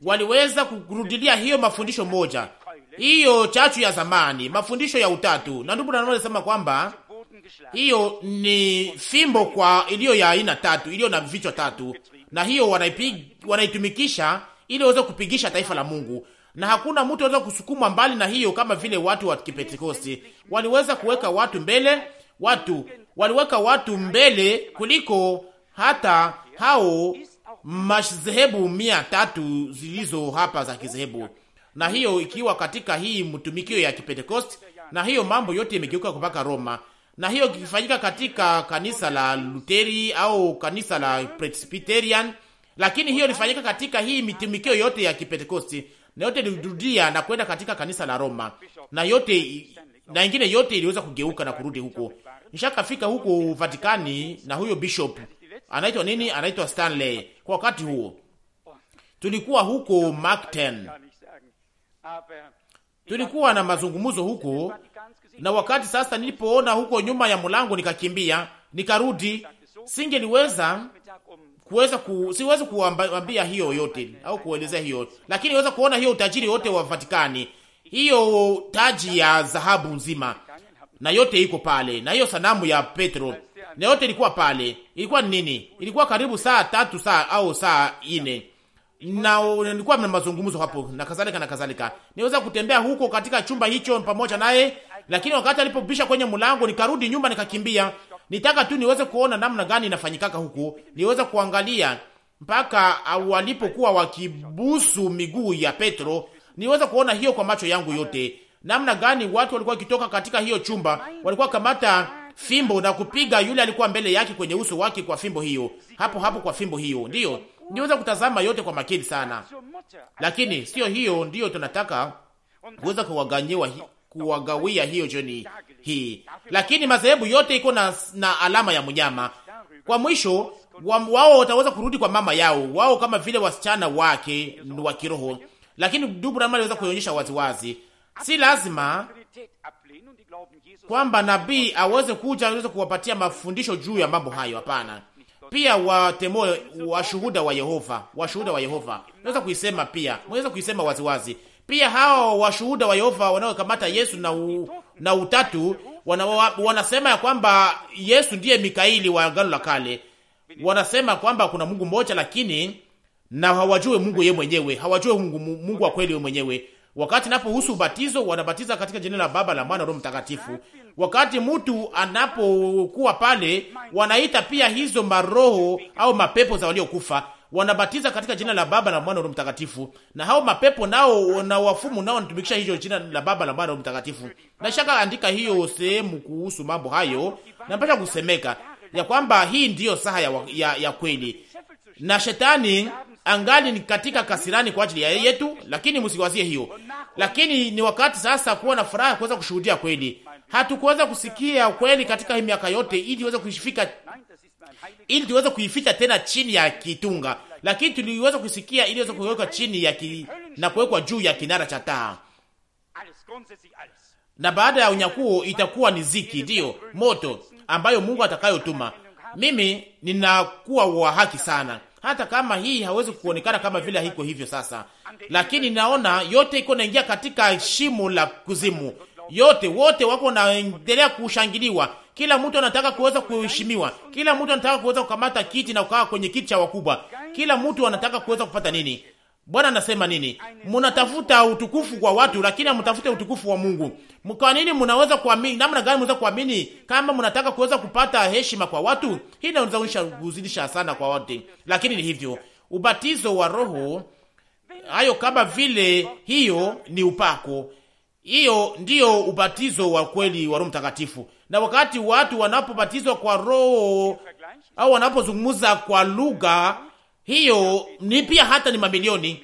Speaker 2: waliweza kurudilia hiyo mafundisho moja, hiyo chachu ya zamani, mafundisho ya utatu. Na ndugu nanaona sema kwamba hiyo ni fimbo kwa iliyo ya aina tatu, iliyo na vichwa tatu, na hiyo wanaipi, wanaitumikisha ili waweze kupigisha taifa la Mungu, na hakuna mtu anaweza kusukumwa mbali na hiyo. Kama vile watu wa Kipentekosti waliweza kuweka watu mbele, watu waliweka watu mbele kuliko hata hao madhehebu mia tatu zilizo hapa za kizehebu, na hiyo ikiwa katika hii mtumikio ya Kipentekosti, na hiyo mambo yote imegeuka kupaka Roma, na hiyo kifanyika katika kanisa la Luteri au kanisa la Presbyterian lakini hiyo ilifanyika katika hii mitumikio yote ya Kipentekosti, na yote ilirudia na kwenda katika kanisa la Roma, na yote na ingine yote iliweza kugeuka na kurudi huko. Nishakafika huko Vatikani na huyo bishop anaitwa nini? Anaitwa Stanley. Kwa wakati huo tulikuwa huko Mark 10 tulikuwa na mazungumzo huko, na wakati sasa nilipoona huko nyuma ya mlango nikakimbia, nikarudi. Singeliweza kuweza ku, siweze kuambia hiyo yote au kuelezea hiyo, lakini weza kuona hiyo utajiri wote wa Vatikani, hiyo taji ya dhahabu nzima, na yote iko pale, na hiyo sanamu ya Petro na yote ilikuwa pale. Ilikuwa nini? Ilikuwa karibu saa tatu saa au saa ine, na nilikuwa na mazungumzo hapo na kadhalika na kadhalika. Niweza kutembea huko katika chumba hicho pamoja naye, lakini wakati alipobisha kwenye mlango, nikarudi nyumba nikakimbia, Nitaka tu niweze kuona namna gani inafanyikaka huku, niweze kuangalia mpaka walipokuwa wakibusu miguu ya Petro, niweze kuona hiyo kwa macho yangu yote, namna gani watu walikuwa wakitoka katika hiyo chumba, walikuwa kamata fimbo na kupiga yule alikuwa mbele yake kwenye uso wake kwa fimbo hiyo, hapo hapo kwa fimbo hiyo. Ndiyo niweza kutazama yote kwa makini sana, lakini sio hiyo ndiyo tunataka kuweza kuwaganyiwa kuwagawia hiyo jioni hii, lakini madhehebu yote iko na, na alama ya mnyama. Kwa mwisho wao wataweza kurudi kwa mama yao wao, kama vile wasichana wake ni wa kiroho, lakini ndugu Branham aliweza kuonyesha waziwazi, si lazima kwamba nabii aweze kuja aweze kuwapatia mafundisho juu ya mambo hayo. Hapana, pia watemoe washuhuda wa Yehova, washuhuda wa Yehova naweza kuisema pia, mweza kuisema waziwazi wazi. Pia hao washuhuda wa Yehova wanaokamata Yesu na, u, na utatu wana, wanasema ya kwamba Yesu ndiye mikaili wa Agano la Kale. Wanasema kwamba kuna Mungu mmoja, lakini na hawajue Mungu yeye mwenyewe, hawajue Mungu, Mungu wa kweli yeye mwenyewe. Wakati napohusu ubatizo, wanabatiza katika jina la Baba, la Mwana, Roho Mtakatifu. Wakati mtu anapokuwa pale, wanaita pia hizo maroho au mapepo za waliokufa wanabatiza katika jina la Baba na Mwana na Roho Mtakatifu, na hao mapepo nao na wafumu nao wanatumikisha hiyo jina la Baba na Mwana na Roho Mtakatifu. Na shaka andika hiyo sehemu kuhusu mambo hayo, na mpaka kusemeka ya kwamba hii ndiyo saha ya, ya, ya kweli, na shetani angali ni katika kasirani kwa ajili ya yetu, lakini msiwazie hiyo. Lakini ni wakati sasa kuwa na furaha kuweza kushuhudia kweli. Hatukuweza kusikia kweli katika hii miaka yote, ili iweze kuifika ili tuweze kuificha tena chini ya kitunga, lakini tuliweza kusikia ili iweze kuwekwa chini ya ki, na kuwekwa juu ya kinara cha taa. Na baada ya unyakuo itakuwa ni ziki, ndiyo moto ambayo Mungu atakayotuma. Mimi ninakuwa wa haki sana, hata kama hii hawezi kuonekana kama vile haiko hivyo sasa, lakini naona yote iko naingia katika shimo la kuzimu, yote wote wako naendelea kushangiliwa kila mtu anataka kuweza kuheshimiwa, kila mtu anataka kuweza kukamata kiti na kukaa kwenye kiti cha wakubwa, kila mtu anataka kuweza kupata nini. Bwana anasema nini? Mnatafuta utukufu kwa watu, lakini hamtafute utukufu wa Mungu. Kwa nini mnaweza kuamini? Namna gani mnaweza kuamini kama mnataka kuweza kupata heshima kwa watu? Hii inaweza kuzidisha sana kwa watu, lakini ni hivyo. Ubatizo wa Roho hayo kama vile hiyo ni upako hiyo ndiyo ubatizo wa kweli wa Roho Mtakatifu. Na wakati watu wanapobatizwa kwa Roho au wanapozungumza kwa lugha, hiyo ni pia hata ni mamilioni,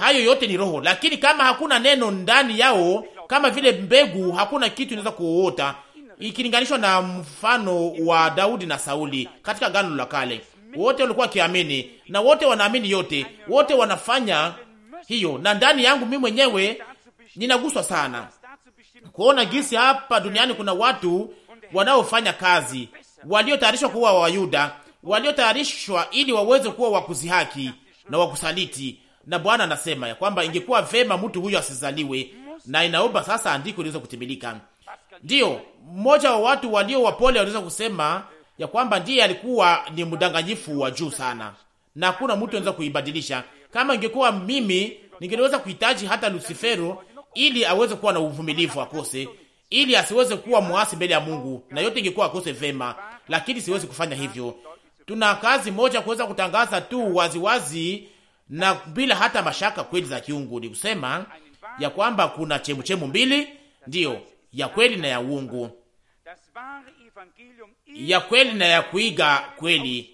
Speaker 2: hayo yote ni roho, lakini kama hakuna neno ndani yao, kama vile mbegu, hakuna kitu inaweza kuota, ikilinganishwa na mfano wa Daudi na Sauli katika Agano la Kale. Wote walikuwa wakiamini na wote wanaamini yote, wote wanafanya hiyo, na ndani yangu mimi mwenyewe ninaguswa sana kuona gisi hapa duniani kuna watu wanaofanya kazi, waliotayarishwa kuwa Wayuda, waliotayarishwa ili waweze kuwa wakuzihaki na wakusaliti. Na Bwana anasema ya kwamba ingekuwa vema mtu huyo asizaliwe, na inaomba sasa andiko liweze kutimilika. Ndiyo, mmoja wa watu walio wapole waliweza kusema ya kwamba ndiye alikuwa ni mdanganyifu wa juu sana, na hakuna mtu anaweza kuibadilisha. Kama ingekuwa mimi ningeweza kuhitaji hata Lucifero ili aweze kuwa na uvumilivu akose, ili asiweze kuwa mwasi mbele ya Mungu, na yote ingekuwa akose vema, lakini siwezi kufanya hivyo. Tuna kazi moja kuweza kutangaza tu waziwazi wazi, na bila hata mashaka kweli za kiungu, ni kusema ya kwamba kuna chemuchemu mbili, ndiyo ya kweli na ya uungu, ya kweli na ya kuiga kweli.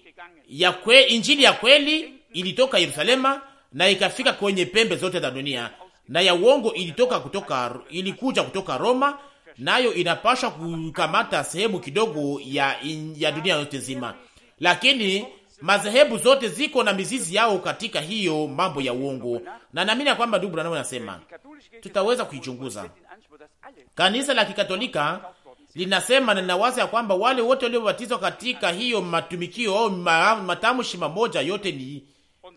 Speaker 2: Ya kwe, injili ya kweli ilitoka Yerusalema na ikafika kwenye pembe zote za dunia na ya uongo ilitoka kutoka, ilikuja kutoka Roma, nayo inapasha kukamata sehemu kidogo ya, ya dunia yote nzima, lakini madhehebu zote ziko na mizizi yao katika hiyo mambo ya uongo, na naamini ya kwamba ndugu Branham anasema tutaweza kuichunguza. Kanisa la Kikatolika linasema na linawaza ya kwamba wale wote waliobatizwa katika hiyo matumikio au matamshi mamoja yote ni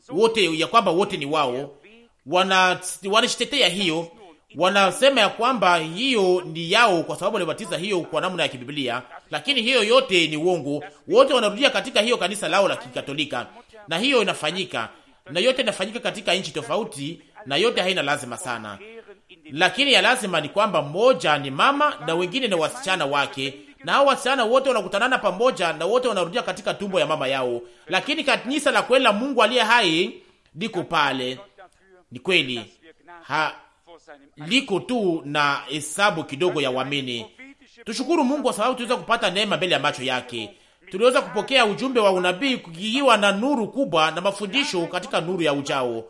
Speaker 2: wote, ya kwamba wote ni wao, wanajitetea hiyo, wanasema ya kwamba hiyo ni yao kwa sababu walibatiza hiyo kwa namna ya kibiblia, lakini hiyo yote ni uongo. Wote wanarudia katika hiyo kanisa lao la Kikatolika, na hiyo inafanyika na yote inafanyika katika nchi tofauti, na yote haina lazima sana, lakini ya lazima ni kwamba mmoja ni mama na wengine ni wasichana wake, na hao wasichana wote wanakutanana pamoja na wote wanarudia katika tumbo ya mama yao, lakini kanisa la kweli la Mungu aliye hai liko pale ni kweli ha liko tu na hesabu kidogo ya wamini Tushukuru Mungu kwa sababu tuliweza kupata neema mbele ya macho yake. Tuliweza kupokea ujumbe wa unabii kukiwa na nuru kubwa na mafundisho katika nuru ya ujao.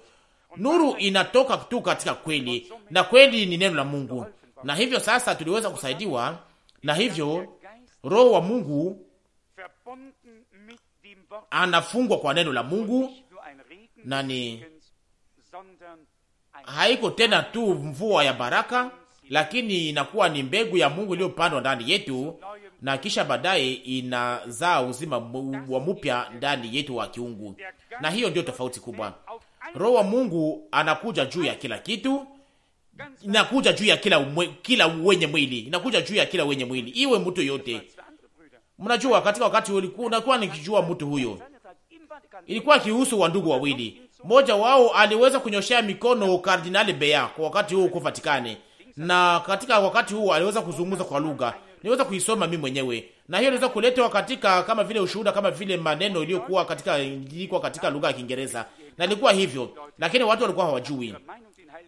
Speaker 2: Nuru inatoka tu katika kweli, na kweli ni neno la Mungu, na hivyo sasa tuliweza kusaidiwa, na hivyo Roho wa Mungu anafungwa kwa neno la Mungu na ni haiko tena tu mvua ya baraka, lakini inakuwa ni mbegu ya Mungu iliyopandwa ndani yetu, na kisha baadaye inazaa uzima wa mupya ndani yetu wa kiungu, na hiyo ndiyo tofauti kubwa. Roho wa Mungu anakuja juu ya kila kitu, inakuja juu ya kila umwe, kila wenye mwili, inakuja juu ya kila wenye mwili, iwe mtu yote. Mnajua katika wakati ulikuwa nakuwa nikijua mtu huyo, ilikuwa kihusu wa ndugu wawili moja wao aliweza kunyoshea mikono Kardinali Bea kwa wakati huu huko Vatikani, na katika wakati huu aliweza kuzungumza kwa lugha, niweza kuisoma mimi mwenyewe, na hiyo iliweza kuletewa katika kama vile ushuhuda, kama vile maneno iliyokuwa katika ilikuwa katika lugha ya Kiingereza, na ilikuwa hivyo, lakini watu walikuwa hawajui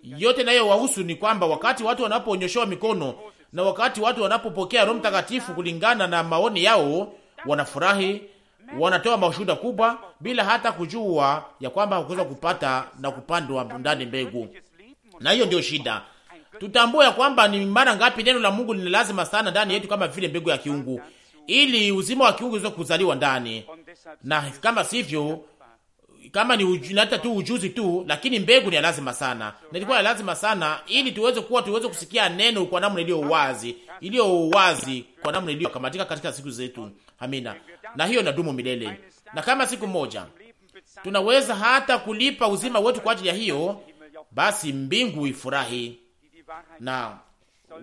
Speaker 2: yote. Nayo wahusu ni kwamba wakati watu wanaponyoshewa mikono na wakati watu wanapopokea Roho Mtakatifu kulingana na maoni yao, wanafurahi wanatoa mashuhuda kubwa bila hata kujua ya kwamba hakuweza kupata na kupandwa ndani mbegu, na hiyo ndio shida. Tutambue ya kwamba ni mara ngapi neno la Mungu ni lazima sana ndani yetu kama vile mbegu ya kiungu, ili uzima wa kiungu uweze kuzaliwa ndani, na kama sivyo kama ni hata tu ujuzi tu, lakini mbegu ni ya lazima sana, nilikuwa ya lazima sana ili tuweze kuwa tuweze kusikia neno kwa namna iliyo wazi, iliyo wazi kwa namna iliyo kamatika katika siku zetu. Amina. Na hiyo inadumu milele, na kama siku moja tunaweza hata kulipa uzima wetu kwa ajili ya hiyo, basi mbingu ifurahi, na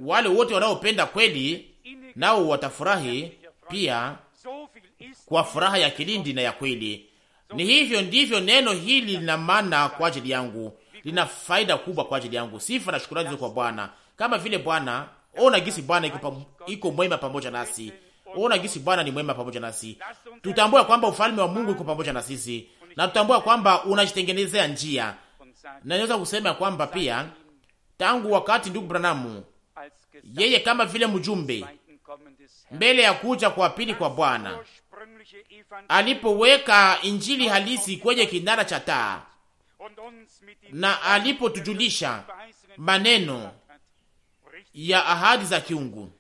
Speaker 2: wale wote wanaopenda kweli nao watafurahi pia kwa furaha ya kilindi na ya kweli. Ni hivyo ndivyo neno hili lina maana kwa ajili yangu, lina faida kubwa kwa ajili yangu. Sifa na shukrani kwa Bwana, kama vile Bwana, ona gisi Bwana iko, iko mwema pamoja nasi ona gisi Bwana ni mwema pamoja nasi. Tutambua kwamba ufalme wa Mungu uko pamoja na sisi, na tutambua kwamba unajitengenezea njia, na naweza kusema kwamba pia tangu wakati ndugu Branamu yeye kama vile mjumbe mbele ya kuja kwa pili kwa Bwana alipoweka injili halisi kwenye kinara cha taa na alipotujulisha maneno ya ahadi za kiungu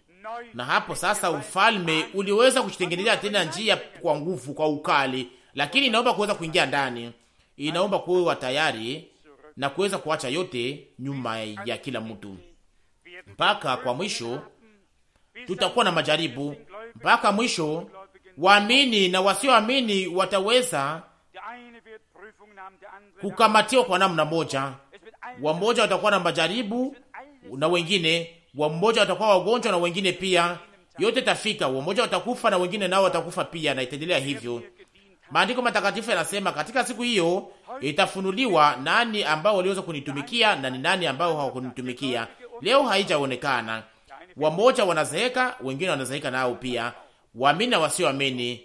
Speaker 2: na hapo sasa ufalme uliweza kujitengenezea tena njia kwa nguvu, kwa ukali, lakini inaomba kuweza kuingia ndani, inaomba kuwa tayari na kuweza kuacha yote nyuma ya kila mtu. Mpaka kwa mwisho tutakuwa na majaribu, mpaka mwisho waamini na wasioamini wataweza kukamatiwa kwa namna moja. Wamoja watakuwa na majaribu na wengine wa mmoja watakuwa wagonjwa na wengine pia, yote tafika, wamoja watakufa na wengine nao watakufa pia, na itaendelea hivyo. Maandiko matakatifu yanasema katika siku hiyo itafunuliwa nani ambao waliweza kunitumikia na ni nani ambao hawakunitumikia. Leo haijaonekana, wamoja wanazeeka, wengine wanazeeka nao pia, waamini na wasioamini,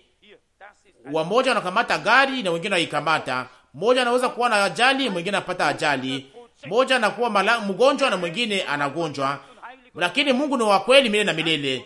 Speaker 2: wamoja wanakamata gari na wengine waikamata, mmoja anaweza kuwa na ajali, mwingine anapata ajali, mmoja anakuwa mgonjwa na mwingine anagonjwa lakini Mungu ni wa kweli milele na milele,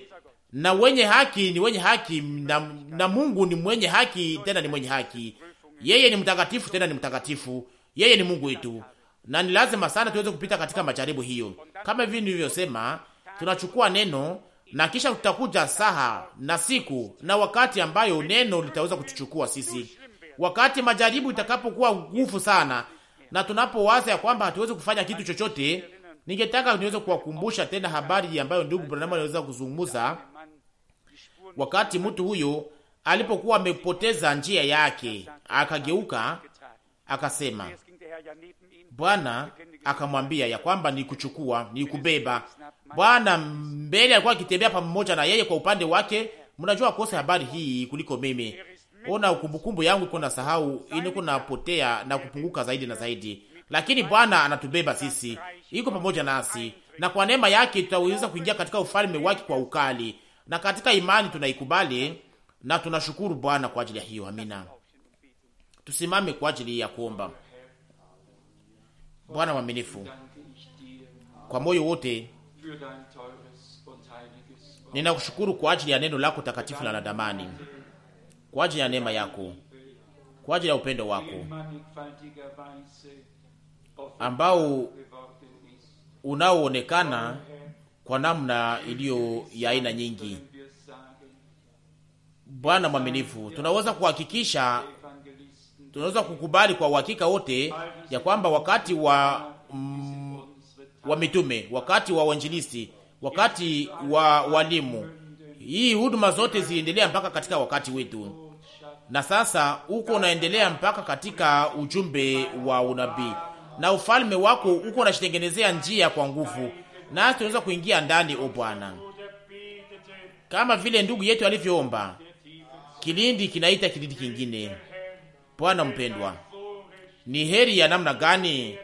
Speaker 2: na wenye haki ni wenye haki na, na Mungu ni mwenye haki tena ni mwenye haki. Yeye ni mtakatifu tena ni mtakatifu. Yeye ni Mungu wetu, na ni lazima sana tuweze kupita katika majaribu hiyo. Kama vile nilivyosema, tunachukua neno na kisha tutakuja saha na siku na wakati ambayo neno litaweza kutuchukua sisi, wakati majaribu itakapokuwa ngufu sana, na tunapowaza ya kwamba hatuwezi kufanya kitu chochote Ningetaka niweze kuwakumbusha tena habari ambayo ndugu Branham aliweza kuzungumza wakati mtu huyo alipokuwa amepoteza njia yake, akageuka akasema, Bwana akamwambia ya kwamba nikuchukua, nikubeba. Bwana mbele alikuwa akitembea pamoja na yeye kwa upande wake. Mnajua kose habari hii kuliko mimi. Ona, kumbukumbu yangu iko na sahau, iniko napotea na kupunguka zaidi na zaidi lakini Bwana anatubeba sisi, iko pamoja nasi, na kwa neema yake tutaweza kuingia katika ufalme wake kwa ukali, na katika imani tunaikubali na tunashukuru Bwana kwa ajili ya hiyo. Amina. Tusimame kwa ajili ya kuomba. Bwana mwaminifu, kwa moyo wote ninakushukuru kwa ajili ya neno lako takatifu la damani, kwa ajili ya neema yako, kwa ajili ya upendo wako ambao unaoonekana kwa namna iliyo ya aina nyingi. Bwana mwaminifu, tunaweza kuhakikisha, tunaweza kukubali kwa uhakika wote ya kwamba wakati wa mm, wa mitume, wakati wa wanjilisti, wakati wa walimu, hii huduma zote ziliendelea mpaka katika wakati wetu, na sasa huko unaendelea mpaka katika ujumbe wa unabii na ufalme wako uko unashitengenezea njia kwa nguvu, nasi tunaweza kuingia ndani, o Bwana, kama vile ndugu yetu alivyoomba. Kilindi kinaita kilindi kingine. Bwana mpendwa, ni heri ya namna gani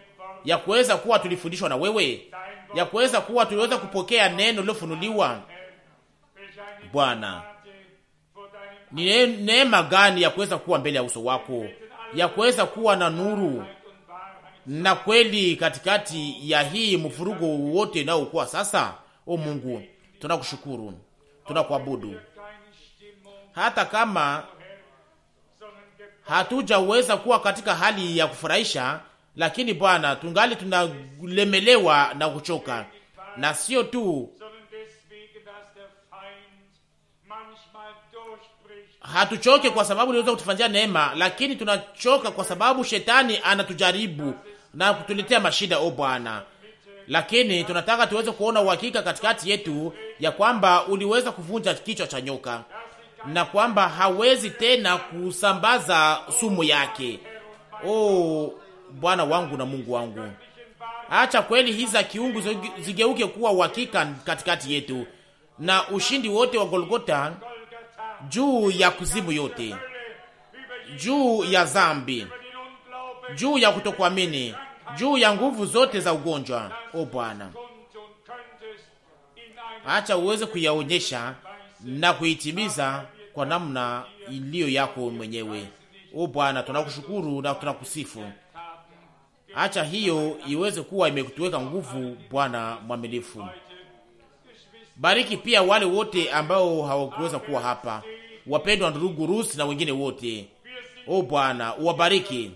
Speaker 2: ya kuweza kuwa tulifundishwa na wewe, ya kuweza kuwa tuliweza kupokea neno lilofunuliwa Bwana. Ni neema gani ya kuweza kuwa mbele ya uso wako, ya kuweza kuwa na nuru na kweli katikati ya hii mfurugo wote naokuwa sasa. O Mungu, tunakushukuru, tunakuabudu, hata kama hatujaweza kuwa katika hali ya kufurahisha, lakini Bwana, tungali tunalemelewa na kuchoka, na sio tu hatuchoke kwa sababu niweza kutufanyia neema, lakini tunachoka kwa sababu shetani anatujaribu na kutuletea mashida, o Bwana, lakini tunataka tuweze kuona uhakika katikati yetu ya kwamba uliweza kuvunja kichwa cha nyoka na kwamba hawezi tena kusambaza sumu yake. O Bwana wangu na Mungu wangu, acha kweli hizi za kiungu zigeuke kuwa uhakika katikati yetu, na ushindi wote wa Golgota juu ya kuzimu yote, juu ya zambi juu ya kutokuamini, juu ya nguvu zote za ugonjwa. O Bwana, acha uweze kuyaonyesha na kuitimiza kwa namna iliyo yako mwenyewe. O Bwana, tunakushukuru na tunakusifu. Acha hiyo iweze kuwa imetuweka nguvu, Bwana mwamilifu. Bariki pia wale wote ambao hawakuweza kuwa hapa, wapendwa ndugu Rusi na wengine wote. O Bwana, uwabariki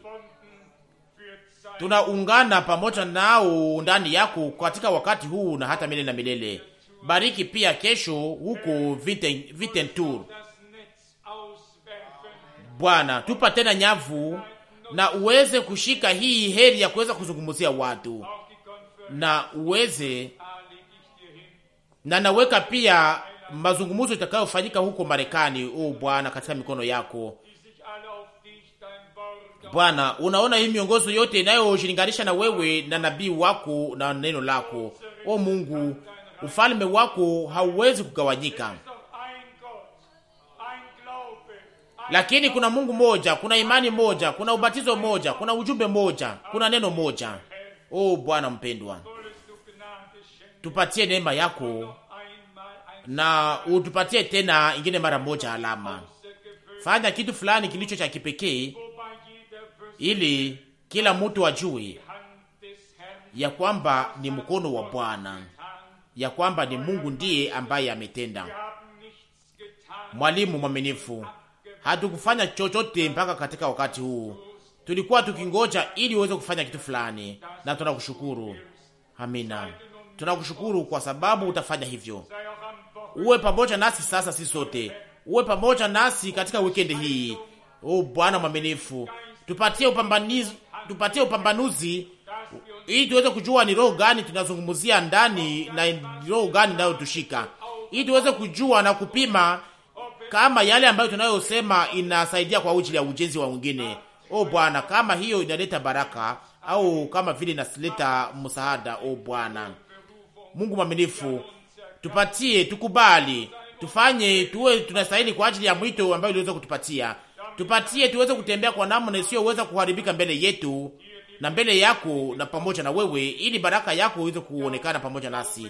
Speaker 2: tunaungana pamoja nao ndani yako katika wakati huu na hata milele na milele. Bariki pia kesho huko Vitentur, Bwana, tupa tena nyavu na uweze kushika hii heri ya kuweza kuzungumzia watu na uweze na naweka pia mazungumzo itakayofanyika huko Marekani. O oh Bwana, katika mikono yako Bwana, unaona hii miongozo yote inayoshilinganisha na wewe na nabii wako na neno lako. O Mungu, ufalme wako hauwezi kugawanyika, lakini kuna Mungu moja, kuna imani moja, kuna ubatizo moja, kuna ujumbe moja, kuna neno moja. O Bwana mpendwa, tupatie neema yako na utupatie tena ingine mara moja alama. Fanya kitu fulani kilicho cha kipekee ili kila mtu ajue ya kwamba ni mkono wa Bwana, ya kwamba ni Mungu ndiye ambaye ametenda. Mwalimu mwaminifu, hatukufanya chochote mpaka katika wakati huu, tulikuwa tukingoja ili uweze kufanya kitu fulani, na tunakushukuru. Amina, tunakushukuru kwa sababu utafanya hivyo. Uwe pamoja nasi sasa, si sote, uwe pamoja nasi katika wikendi hii. O Bwana mwaminifu, tupatie upambanizi, tupatie upambanuzi ili tuweze kujua ni roho gani tunazungumzia ndani na roho gani inayotushika, ili tuweze kujua na kupima kama yale ambayo tunayosema inasaidia kwa ajili ya ujenzi wa wengine. O Bwana, kama hiyo inaleta baraka au kama vile inasileta msaada. O Bwana Mungu mwaminifu, tupatie, tukubali, tufanye tuwe tunastahili kwa ajili ya mwito ambayo uliweza kutupatia tupatie tuweze kutembea kwa namna isiyoweza kuharibika mbele yetu na mbele yako na pamoja na wewe, ili baraka yako iweze kuonekana pamoja nasi.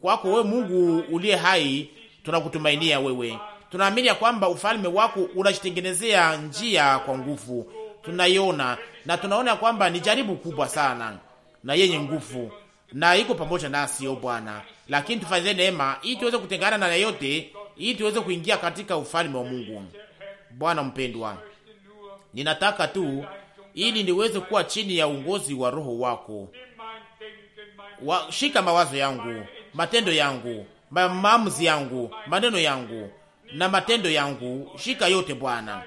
Speaker 2: Kwako wewe Mungu uliye hai, tunakutumainia wewe. Tunaamini ya kwamba ufalme wako unajitengenezea njia kwa nguvu, tunaiona na tunaona ya kwamba ni jaribu kubwa sana na yenye nguvu, na iko pamoja nasi, o Bwana. Lakini tufanye neema ili tuweze kutengana na yote, ili tuweze kuingia katika ufalme wa Mungu. Bwana mpendwa, ninataka tu ili niweze kuwa chini ya uongozi wa Roho wako wa, shika mawazo yangu, matendo yangu, maamuzi yangu, maneno yangu na matendo yangu, shika yote Bwana.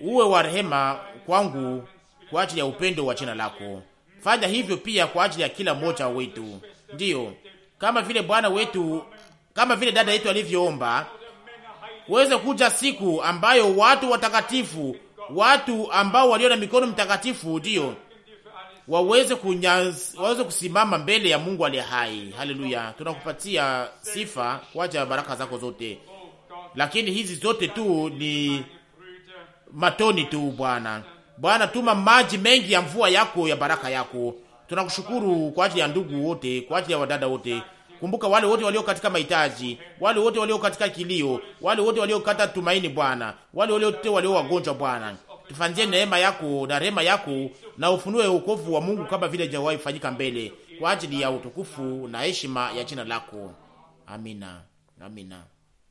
Speaker 2: Uwe wa rehema kwangu kwa ajili ya upendo wa jina lako. Fanya hivyo pia kwa ajili ya kila mmoja wetu, ndiyo kama vile Bwana wetu, kama vile dada yetu alivyoomba kuweze kuja siku ambayo watu watakatifu, watu ambao walio na mikono mtakatifu ndio waweze kunyaz, waweze kusimama mbele ya Mungu aliye hai. Haleluya, tunakupatia sifa kwa ajili ya baraka zako zote, lakini hizi zote tu ni matoni tu. Bwana, Bwana, tuma maji mengi ya mvua yako ya baraka yako. Tunakushukuru kwa ajili ya ndugu wote, kwa ajili ya wadada wote Kumbuka wale wote walio katika mahitaji, wale wote walio katika kilio, wale wote waliokata tumaini Bwana, wale wote walio wagonjwa Bwana, tufanzie neema yako na rehema yako, na ufunue wokovu wa Mungu kama vile jawahi fanyika mbele, kwa ajili ya utukufu na heshima ya jina lako. Amina, amina.